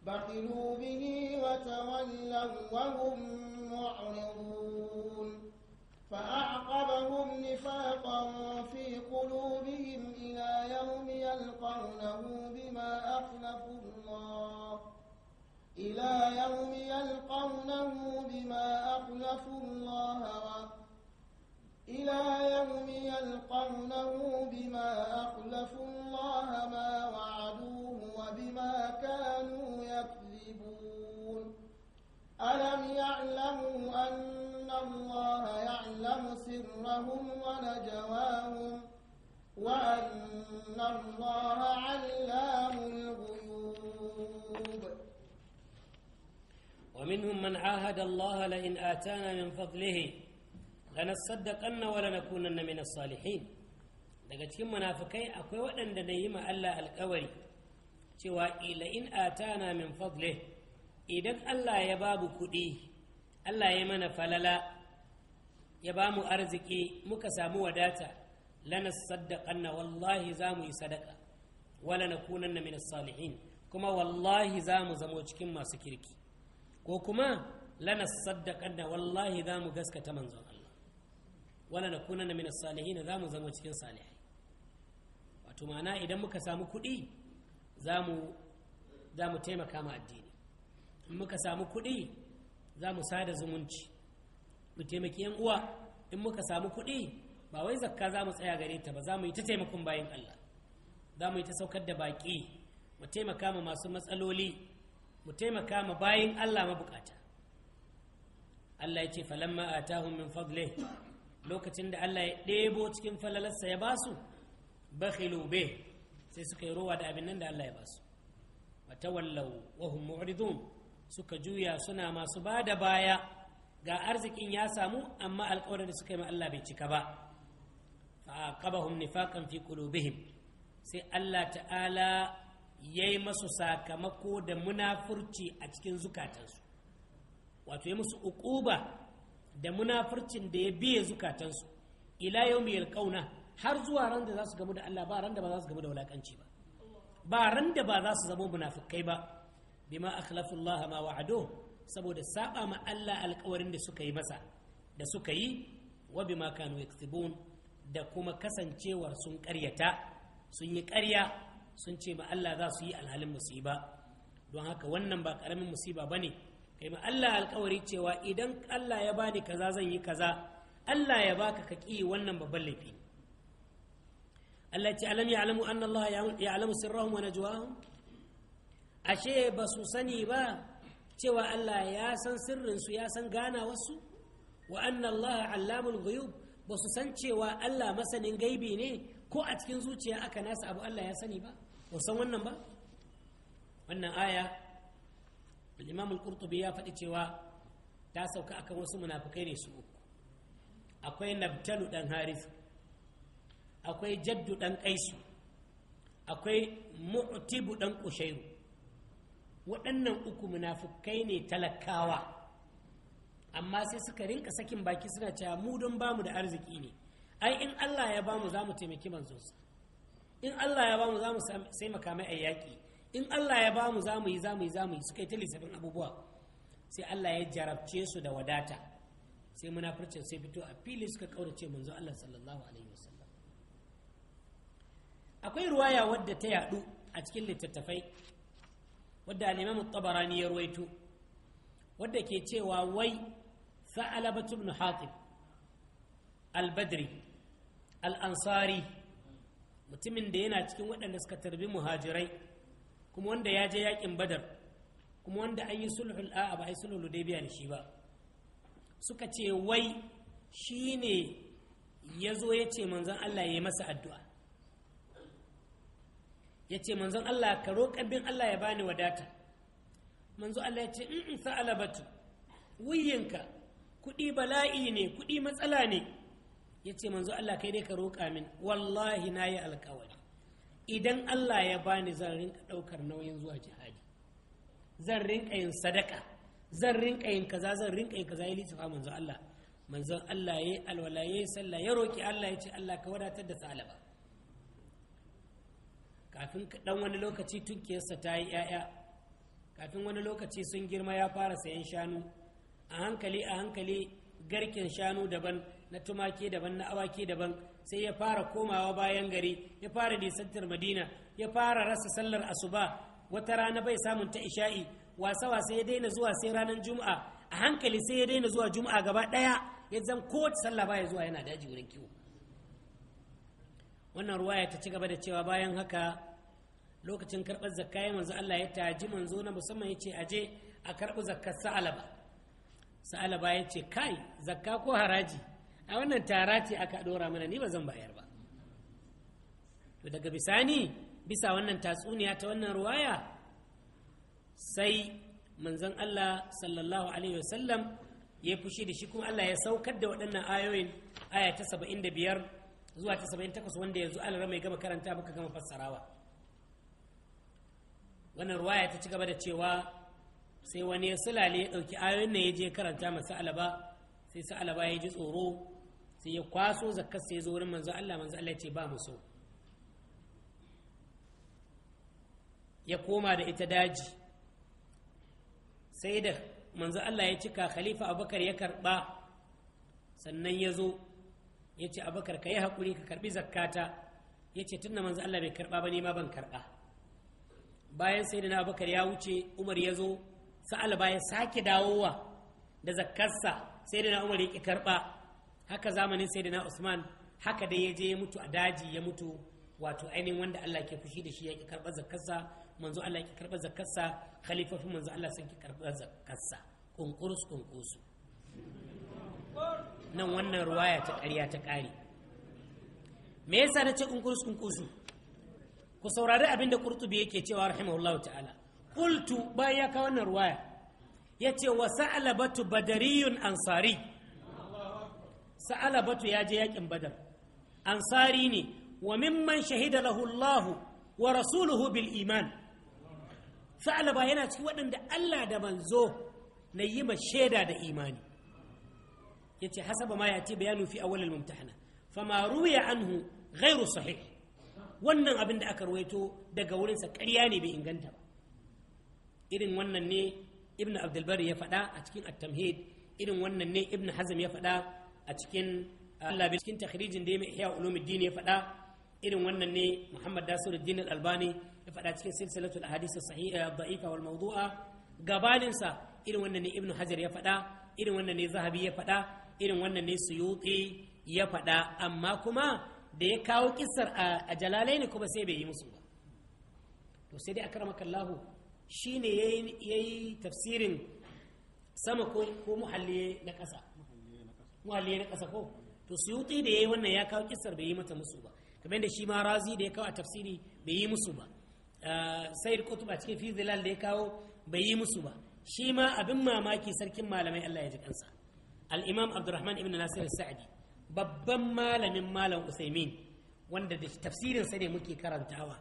بخلوا به وتولوا وهم معرضون فأعقبهم نفاقا في قلوبهم إلى يوم يلقونه بما أخلفوا الله إلى يوم يلقونه بينهم ونجواهم وأن الله علام الغيوب ومنهم من عاهد الله لئن آتانا من فضله لنصدقن ولنكونن من الصالحين daga cikin munafukai akwai waɗanda na yi Allah alkawari cewa ila in atana min fadle idan Allah ya babu kuɗi Allah ya mana falala ya ba mu arziki muka samu wadata lana saddaqanna wallahi za mu yi sadaka wala na nakunanna min salihin kuma wallahi za mu zamo cikin masu kirki ko kuma lana saddaqanna wallahi za mu gaskata manzon Allah wala na nakunanna min salihin za mu zamo cikin salihai wato ma'ana idan muka samu kuɗi za mu taimaka ma addini in muka samu kuɗi za mu sada zumunci mu taimaki yan uwa in muka samu kuɗi ba wai zakka za mu tsaya gare ta ba za mu yi ta taimakon bayan Allah za mu yi ta saukar da baƙi mu taimaka ma masu matsaloli mu taimaka ma bayan Allah mabukata Allah ya ce falamma atahum min fagle. lokacin da Allah ya ɗebo cikin falalarsa ya basu bakhilu be sai suka yi rowa da abin nan da Allah ya basu ta wa hum mu'ridun suka juya suna masu bada baya ga arzikin ya samu amma alkawarin da suka yi Allah bai cika ba fa'aqabahum nifaqan fi qulubihim sai Allah ta'ala yayi masu sakamako da munafurci a cikin zukatansu wato ya musu uquba da munafurcin da ya biye zukatansu ila yawmi yalqauna har zuwa ran da za su gamu da Allah ba ran da ba za su gamu da wulakanci ba ba ran da ba za su zama munafikai ba bima akhlafu Allah ma wa'aduhu saboda saba ma Allah alkawarin da suka yi masa da suka yi wa bima kanu yaktubun da kuma kasancewar sun karyata sun yi karya sun ce ma Allah za su yi alhalin musiba don haka wannan ba karamin musiba bane kai ma Allah alkawari cewa idan Allah ya bani kaza zan yi kaza Allah ya baka ka ki wannan babban laifi Allah ya ce alam ya'lamu anna Allah ya'lamu sirrahum wa najwahum ashe ba su sani ba cewa Allah ya san sirrinsu ya san gana wasu wa Allah allamul ghuyub ba su san cewa Allah masanin gaibi ne ko a cikin zuciya aka nasa abu Allah ya sani ba ba san wannan ba wannan aya al-Imam al-Qurtubi ya faɗi cewa ta sauka akan wasu munafikai ne su uku akwai Nabtalu dan Haris akwai Jaddu dan Qaisu akwai Mu'tibu dan Qushayru waɗannan uku munafukai ne talakawa amma sai suka rinka sakin baki suna cewa mu don bamu da arziki ne ai in Allah ya bamu za mu taimaki manzonsa in Allah ya bamu za mu sai makamai a yaƙi in Allah ya bamu za mu yi za mu yi za mu yi suka yi ta abubuwa sai Allah ya jarabce su da wadata sai munafurcin sai fito a fili suka kaurace manzo Allah sallallahu alaihi wasallam akwai ruwaya wadda ta yadu a cikin littattafai wadda al-imam tabarani ya ruwaito wadda ke cewa wai sa'alabat ibn hatib al-badri al-ansari mutumin da yana cikin waɗanda suka tarbi muhajirai kuma wanda ya je yaƙin badar kuma wanda an yi sulhul a'a ba a yi sulhul hudaybiya da shi ba suka ce wai ne ya zo ya ce manzon Allah ya yi masa addu'a ya ce manzon Allah ka roƙabin Allah ya bani wadata manzon Allah ya ce in mm, mm, sa'ala batu wuyinka kuɗi bala'i ne kuɗi matsala ne ya ce manzon Allah kai dai ka roƙa min wallahi na yi alkawari idan Allah ya bani zan rinka ɗaukar nauyin zuwa jihadi zan rinka yin sadaka zan rinka yin kaza zan rinka yin kaza ya lissafa manzon Allah manzon Allah ya yi alwala ya yi sallah ya roƙi Allah ya ce Allah ka wadatar da salaba kafin dan wani lokaci tunkiyarsa ta yi 'ya'ya kafin wani lokaci sun girma ya fara sayan shanu a hankali a hankali garken shanu daban na tumaki daban na awaki daban sai ya fara komawa bayan gari ya fara nisantar madina ya fara rasa sallar asuba wata rana bai samun ta isha'i wasa wasa ya daina zuwa sai ranar juma'a a hankali sai ya daina zuwa juma'a gaba daya ya zan kowace sallah baya zuwa yana daji wurin kiwo wannan ruwaya ta ci gaba da cewa bayan haka lokacin karɓar zakka ya manzo Allah ya taji manzo na musamman ya ce aje a karɓi zakkar sa'alaba sa'alaba ya ce kai zakka ko haraji a wannan tara ce aka ɗora mana ni ba zan bayar ba to daga bisani bisa wannan tatsuniya ta wannan ruwaya sai manzon Allah sallallahu alaihi wasallam ya fushi da shi kuma Allah ya saukar da waɗannan ayoyin aya ta saba'in da biyar zuwa ta takwas wanda yanzu alara mai gama karanta muka gama fassarawa wannan ruwaya ta ci gaba da cewa sai wani ya sulale ya ɗauki ayoyin nan ya je karanta masa alaba sai sa alaba ya ji tsoro sai ya kwaso zakkar sai ya zo wurin manzo Allah manzo Allah ya ce ba mu so ya koma da ita daji sai da manzo Allah ya cika khalifa abubakar ya karba sannan ya zo ya ce abakar ka yi haƙuri ka karɓi zakkata ya ce tun da manzo Allah bai karɓa ba ma ban karɓa bayan sai na abakar ya wuce umar ya zo sa'al bayan sake dawowa da zakkarsa sai na umar ya ƙi karɓa haka zamanin sai na usman haka da ya je ya mutu a daji ya mutu wato ainihin wanda Allah ke fushi da shi ya ƙi karɓar zakarsa manzo Allah ya ƙi karɓar zakarsa khalifofin manzo Allah sun ƙi karɓar zakarsa kunkurus kunkusu nan wannan ruwaya ta ƙarya ta ƙare me yasa na ce kunkurus kunkusu ku saurari abin da kurtubi yake cewa rahimahullahu ta'ala qultu bayan ya kawo wannan ruwaya yace wa sa'alabatu badariyun ansari sa'alabatu ya je yakin badar ansari ne wa mimman shahida lahu Allahu wa rasuluhu bil iman sa'alaba yana cikin waɗanda Allah da manzo na yi ma shaida da imani yace hasaba ma yati bayanu fi awwal al-mumtahana fama ruwiya anhu ghairu sahih wannan abin da aka ruwaito daga wurinsa ƙarya ne bai inganta ba irin wannan ne ibn abdulbari ya faɗa a cikin at-tamhid irin wannan ne ibn hazm ya faɗa a cikin Allah cikin takhrijin da ya mai ihya ulumuddin ya faɗa irin wannan ne Muhammad Nasiruddin al-Albani ya faɗa cikin silsilatul ahadith sahiha eh, daifa wal mawdu'a gabanin sa irin wannan ne ibn Hajar ya faɗa irin wannan ne Zahabi ya faɗa irin wannan ne suyuti ya faɗa amma kuma da ya kawo kisar a jalalai ne kuma sai bai yi musu ba to sai dai a karamaka Allahu shi ne ya yi tafsirin sama ko muhalliye na ƙasa muhalliye na ƙasa ko to suyuti da ya yi wannan ya kawo kisar bai yi mata musu ba kamar da shi ma razi da ya kawo a tafsiri bai yi musu ba uh, sayyid kutub a cikin fi da ya kawo bai yi musu ba shi ma abin mamaki sarkin malamai Allah ya ji kansa al-imam abdurrahman ibn nasir saadi babban malamin malam usaimin wanda da tafsirin sa ne muke karantawa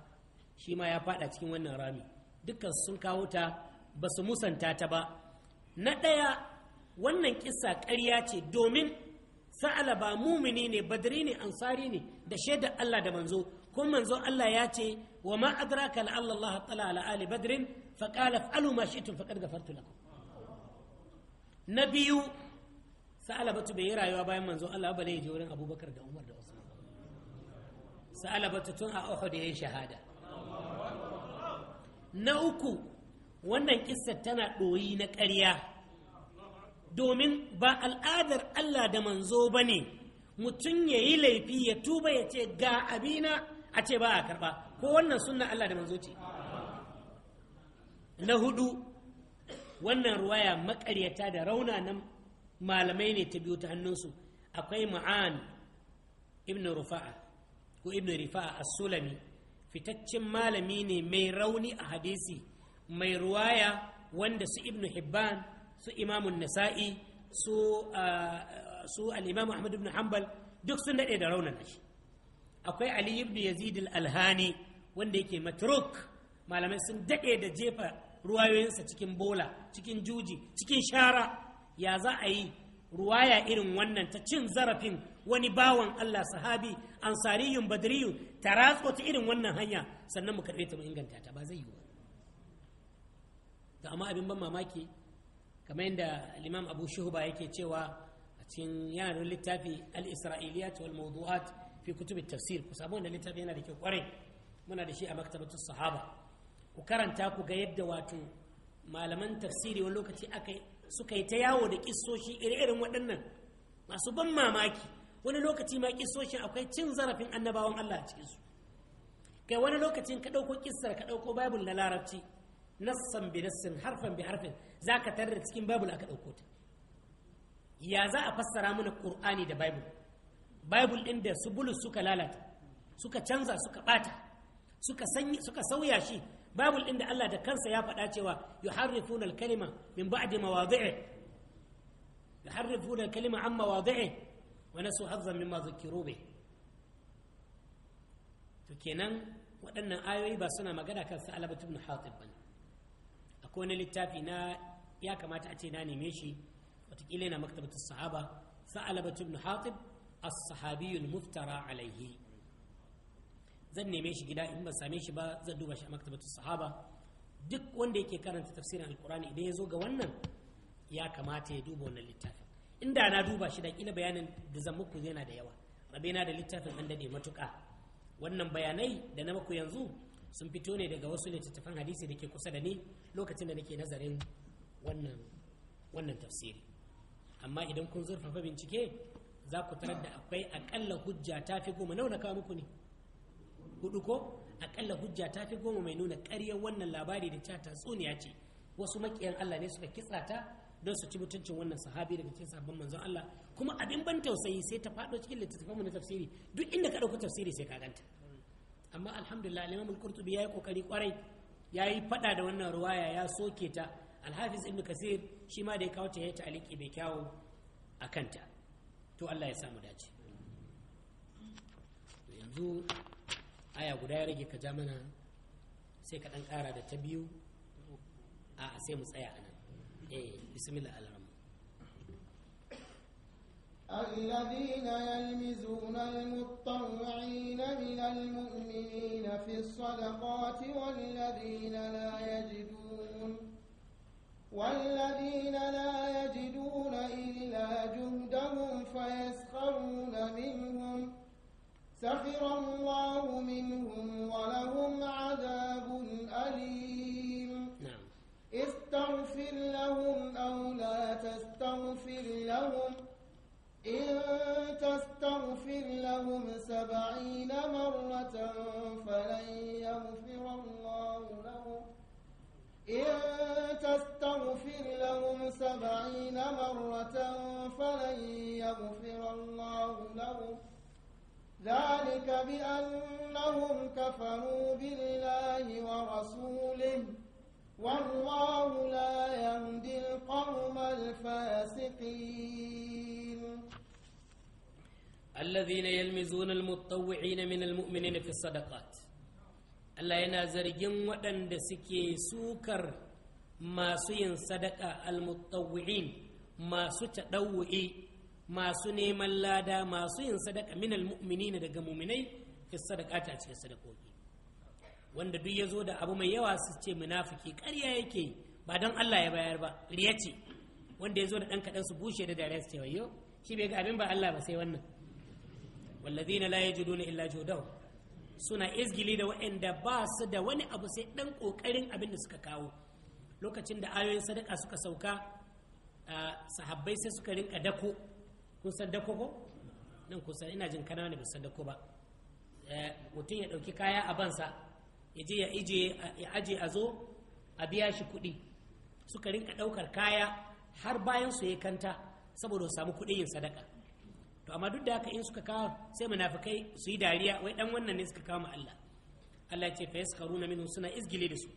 shi ma ya fada cikin wannan rami dukkan sun kawo ta ba su musanta ta ba na ɗaya wannan kissa ƙarya ce domin sa'ala ba mumini ne badri ne ansari ne da shaidar Allah da manzo kuma manzo Allah ya ce wa ma adraka la Allah tala ala ali badrin fa qala fa'alu ma shi'tum faqad ghafartu lakum na biyu batu bai yi rayuwa bayan manzon Allah ba ya je wurin abubakar da umar da usman batu tun a uhud ya shahada na uku wannan kissar tana ɗoyi na ƙarya domin ba al'adar Allah da manzo ba ne mutum ya yi laifi ya tuba ya ce ga abina a ce ba a karɓa ko wannan sunna Allah da manzo ce na hudu wannan ruwaya makaryata da raunanan malamai ne ta biyu ta hannunsu akwai ma'an ibn rufa'a ko ibn rifa'a as-sulami fitaccen malami ne mai rauni a hadisi mai ruwaya wanda su ibn hibban su imamun nasa'i su uh, su al-imam ahmad ibn hanbal duk sun daɗe da raunana shi akwai ali ibn yazid al-alhani wanda yake matruk malamai sun daɗe da jefa ruwayoyinsa cikin bola cikin juji cikin shara ya za a yi ruwaya irin wannan ta cin zarafin wani bawan Allah sahabi ansariyun badriyun ta ratso ta irin wannan hanya sannan mu karɓe ta mu inganta ta ba zai yi ba amma abin ban mamaki kamar yadda limam abu shuhuba yake cewa a cikin yana da littafi al-isra'iliyat wal mawdu'at fi kutub tafsir ku samu wannan littafi yana da kyau kwarai muna da shi a maktabatu sahaba ku karanta ku ga yadda wato malaman tafsiri wani lokaci aka suka yi ta yawo da kissoshi ire-iren waɗannan masu ban mamaki wani lokaci ma kissoshin akwai cin zarafin annabawan Allah a cikinsu kai wani lokacin ka ɗauko kissar ka ɗauko babul na larabci nassan bi nassin harfan bi harfin za ka da cikin babul aka ɗauko ta ya za a fassara mana ƙur'ani da bible bible ɗin da su bulus suka lalata suka canza suka ɓata suka sauya shi babul ɗin da Allah da kansa ya faɗa cewa yuharrifuna al-kalima min ba'di mawadhi'i yuharrifuna al-kalima an mawadhi'i wa nasu hazzan mimma zukkiru bih to kenan waɗannan ayoyi ba suna magana kan sa'alabat ibn hatib bane akwai wani littafi na ya kamata a ce na neme shi wataƙila na maktabatu sahaba sa'alabat ibn hatib as-sahabi al-muftara alaihi zan neme shi gida in ban same shi ba zan duba shi a maktabatu sahaba duk wanda yake karanta tafsirin alkur'ani idan ya zo ga wannan ya kamata ya duba wannan littafin inda na duba shi da kila bayanin da zan muku yana da yawa Rabe na da littafin an dade matuka wannan bayanai da na muku yanzu sun fito ne daga wasu littattafan hadisi da ke kusa da ni lokacin da nake nazarin wannan wannan tafsiri amma idan kun zurfafa bincike za ku tarar da akwai akalla hujja ta fi goma nauna kawo muku ne hudu ko akalla hujja ta fi goma mai nuna ƙaryar wannan labari da ta tatsuniya ce wasu makiyan Allah ne suka kitsa ta don su ci mutuncin wannan sahabi daga cikin sabon manzon Allah kuma abin ban tausayi sai ta fado cikin littattafanmu na tafsiri duk inda ka ɗauki tafsiri sai ka ganta amma alhamdulillah Imam Al-Qurtubi yayi kokari kwarai yayi fada da wannan ruwaya ya soke ta Al-Hafiz Ibn Kasir shi ma da ya kawo ta yayi ta'liqi bai kyawu akanta to Allah ya samu dace yanzu aya guda ya rage ka ja mana sai ka dan kara da ta biyu a sai mu tsaya anan eh bismillah alrahman الذين يلمزون المطوعين من المؤمنين في الصدقات والذين لا يجدون والذين لا يجدون إلا جهدهم فيسخرون منهم سخر الله منهم ولهم عذاب أليم نعم. استغفر لهم أو لا تستغفر لهم إن تستغفر لهم سبعين مرة فلن يغفر الله لهم إن تستغفر لهم سبعين مرة فلن يغفر الله لهم ذلك بأنهم كفروا بالله ورسوله والله لا يهدي القوم الفاسقين الذين يلمزون المتطوعين من المؤمنين في الصدقات Allah yana zargin waɗanda suke sukar masu yin sadaka almuttawwi'in masu taɗawu'i masu neman lada masu yin sadaka minal da daga muminai fi sadaka a cikin sadakoki wanda duk ya zo da abu mai yawa su ce munafiki ƙarya yake ba don Allah ya bayar ba riya ce wanda ya zo da ɗan kaɗan su bushe da dare su ce wayo shi bai ga abin ba Allah ba sai wannan wallazina la yajiduna illa judahu suna izgili da waɗanda ba su da wani abu sai ɗan ƙoƙarin abin da suka kawo lokacin da ayoyin sadaka suka sauka sahabbai sai suka rinka dako kun san dako ko nan kun san ina jin kana ne ba san dako ba eh, mutum ya ɗauki kaya a bansa ya je ya ije aje a zo a biya shi kuɗi suka rinka ɗaukar kaya har bayan su ya kanta saboda samu kuɗi yin sadaka to amma duk da haka in suka kawo sai munafikai su yi dariya wai dan wannan ne suka kawo ma Allah Allah ce fa yaskaruna minhum suna izgile da su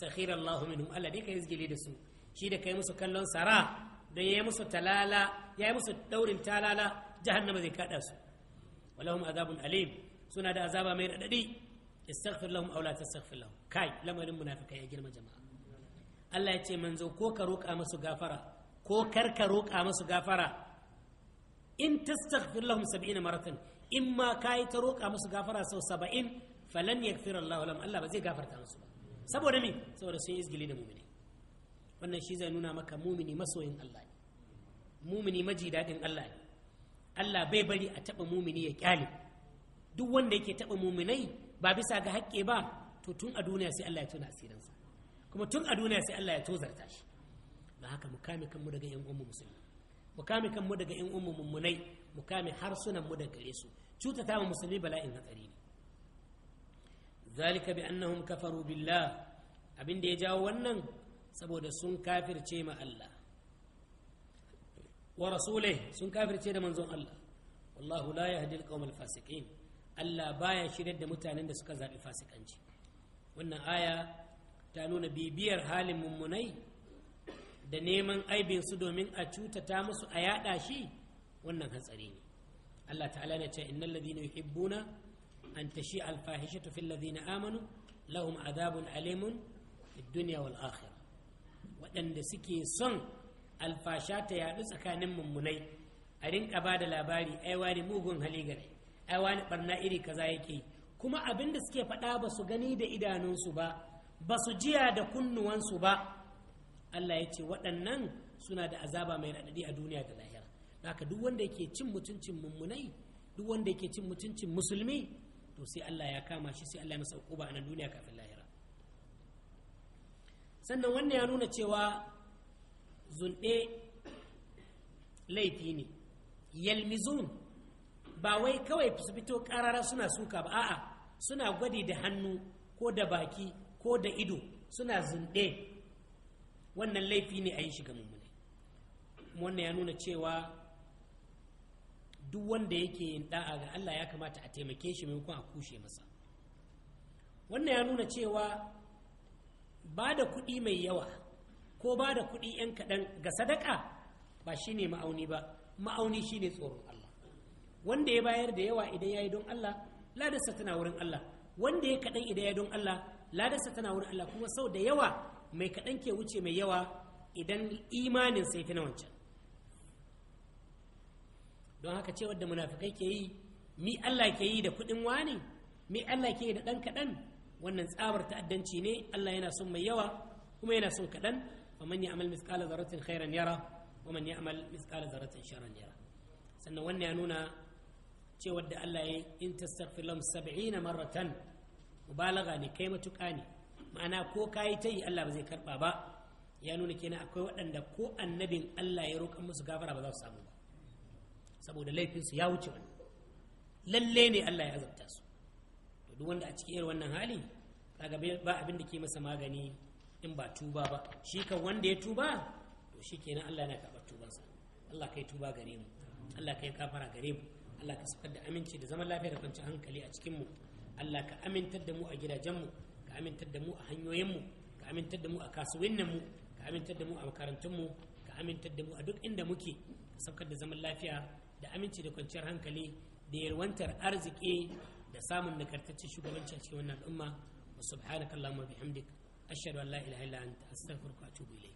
sakhira Allah minhum Allah dai ka izgile da su shi da kai musu kallon sara da ya yi musu talala ya yi musu daurin talala jahannama zai kada su walahum azabun alim suna da azaba mai radadi istaghfir lahum aw la tastaghfir lahum kai lamarin munafikai ya girma jama'a Allah ya ce manzo ko ka roƙa musu gafara ko kar ka roƙa musu gafara in tastaghfir lahum 70 maratan in ma kai ta roƙa musu gafara sau 70 falan yaghfir Allah lahum Allah ba zai gafarta musu ba saboda me saboda sun izgili da mu'mini wannan shi zai nuna maka mumini masoyin Allah ne mumini maji daɗin Allah ne Allah bai bari a taɓa mumini ya kyale duk wanda yake taɓa muminai ba bisa ga haƙƙe ba to tun a duniya sai Allah ya tuna asirinsa kuma tun a duniya sai Allah ya tozarta shi don haka mu kame kanmu daga ƴan mu musulmi mu kame kanmu daga ƴan uwanmu mummunai mu kame harsunan mu daga gare su cutata mu musulmi bala'in hatsari ne zalika bi annahum kafaru billah abin da ya jawo wannan saboda sun kafirce ma Allah wa rasulai sun kafirce da manzon Allah wallahu la yahdi al fasiqin Allah baya shiryar da mutanen da suka zaɓi fasikanci wannan aya ta nuna bibiyar halin mummunai da neman aibin su domin a cutata musu a yaɗa shi wannan hatsari ne Allah ta'ala ne ce innal ladina yuhibbuna an tashi al fahishatu fil ladina amanu lahum adabun alimun fid dunya wal akhirah waɗanda suke son alfasha ta yaɗu tsakanin mummunai a rinka ba da labari ai wani mugun hali gare ai wani barna iri kaza yake kuma abin da suke faɗa ba su gani da idanunsu ba ba su jiya da kunnuwansu ba Allah ya ce waɗannan suna da azaba mai raɗaɗi a duniya da lahira haka duk wanda yake cin mutuncin mummunai duk wanda yake cin mutuncin musulmi to sai Allah ya kama shi sai Allah ya masa anan a duniya kafin sannan wannan ya nuna cewa zulɗe laifi ne yalmizun ba wai kawai su fito ƙarara suna suka ba a'a suna gwadi da hannu ko da baki ko da ido suna zunɗe wannan laifi ne a yi shiga mummune wannan ya nuna cewa duk wanda yake yin da'a ga Allah ya kamata a taimake shi maimakon a kushe masa wannan ya nuna cewa ba da kuɗi mai yawa ko ba da kuɗi 'yan kaɗan ga sadaka ba shi ne ma'auni ba ma'auni shi ne tsoron Allah wanda ya bayar da yawa idan ya yi don Allah ladarsa tana wurin Allah wanda ya kaɗan idan ya yi don Allah ladarsa tana wurin Allah kuma sau da yawa mai kaɗan ke wuce mai yawa idan imanin sai na wancan don haka ce wadda munafikai ke yi mi Allah ke yi da kuɗin wani mi Allah ke yi da ɗan kaɗan wannan tsabar ta'addanci ne Allah yana son mai yawa kuma yana son kaɗan wa man ya'mal mithqala dharratin khairan yara wa man ya'mal mithqala dharratin sharran yara sannan wannan ya nuna cewa da Allah ya in tastaghfir lahum 70 marratan mubalaga ne kai matuka ne ma'ana ko kayi tayi Allah ba zai karba ba ya nuna kenan akwai waɗanda ko annabin Allah ya roƙa musu gafara ba za su samu ba saboda laifinsu ya wuce wannan lalle ne Allah ya azabta su duk wanda a cikin irin wannan hali kaga ba abin da ke masa magani in ba tuba ba shi kan wanda ya tuba to shi kenan Allah na karɓar tubansa Allah kai tuba gare mu Allah kai kafara gare mu Allah ka sakar da aminci da zaman lafiya da kwanciyar hankali a cikin mu Allah ka amintar da mu a gidajen mu ka amintar da mu a hanyoyin mu ka amintar da mu a kasuwannin mu ka amintar da mu a makarantun mu ka amintar da mu a duk inda muke ka saukar da zaman lafiya da aminci da kwanciyar hankali da yawantar arziki da samun nagartaccen shugabanci a cikin wannan al'umma wa subhanakallahumma bihamdik ashhadu an la ilaha illa anta astaghfiruka wa atubu ilayk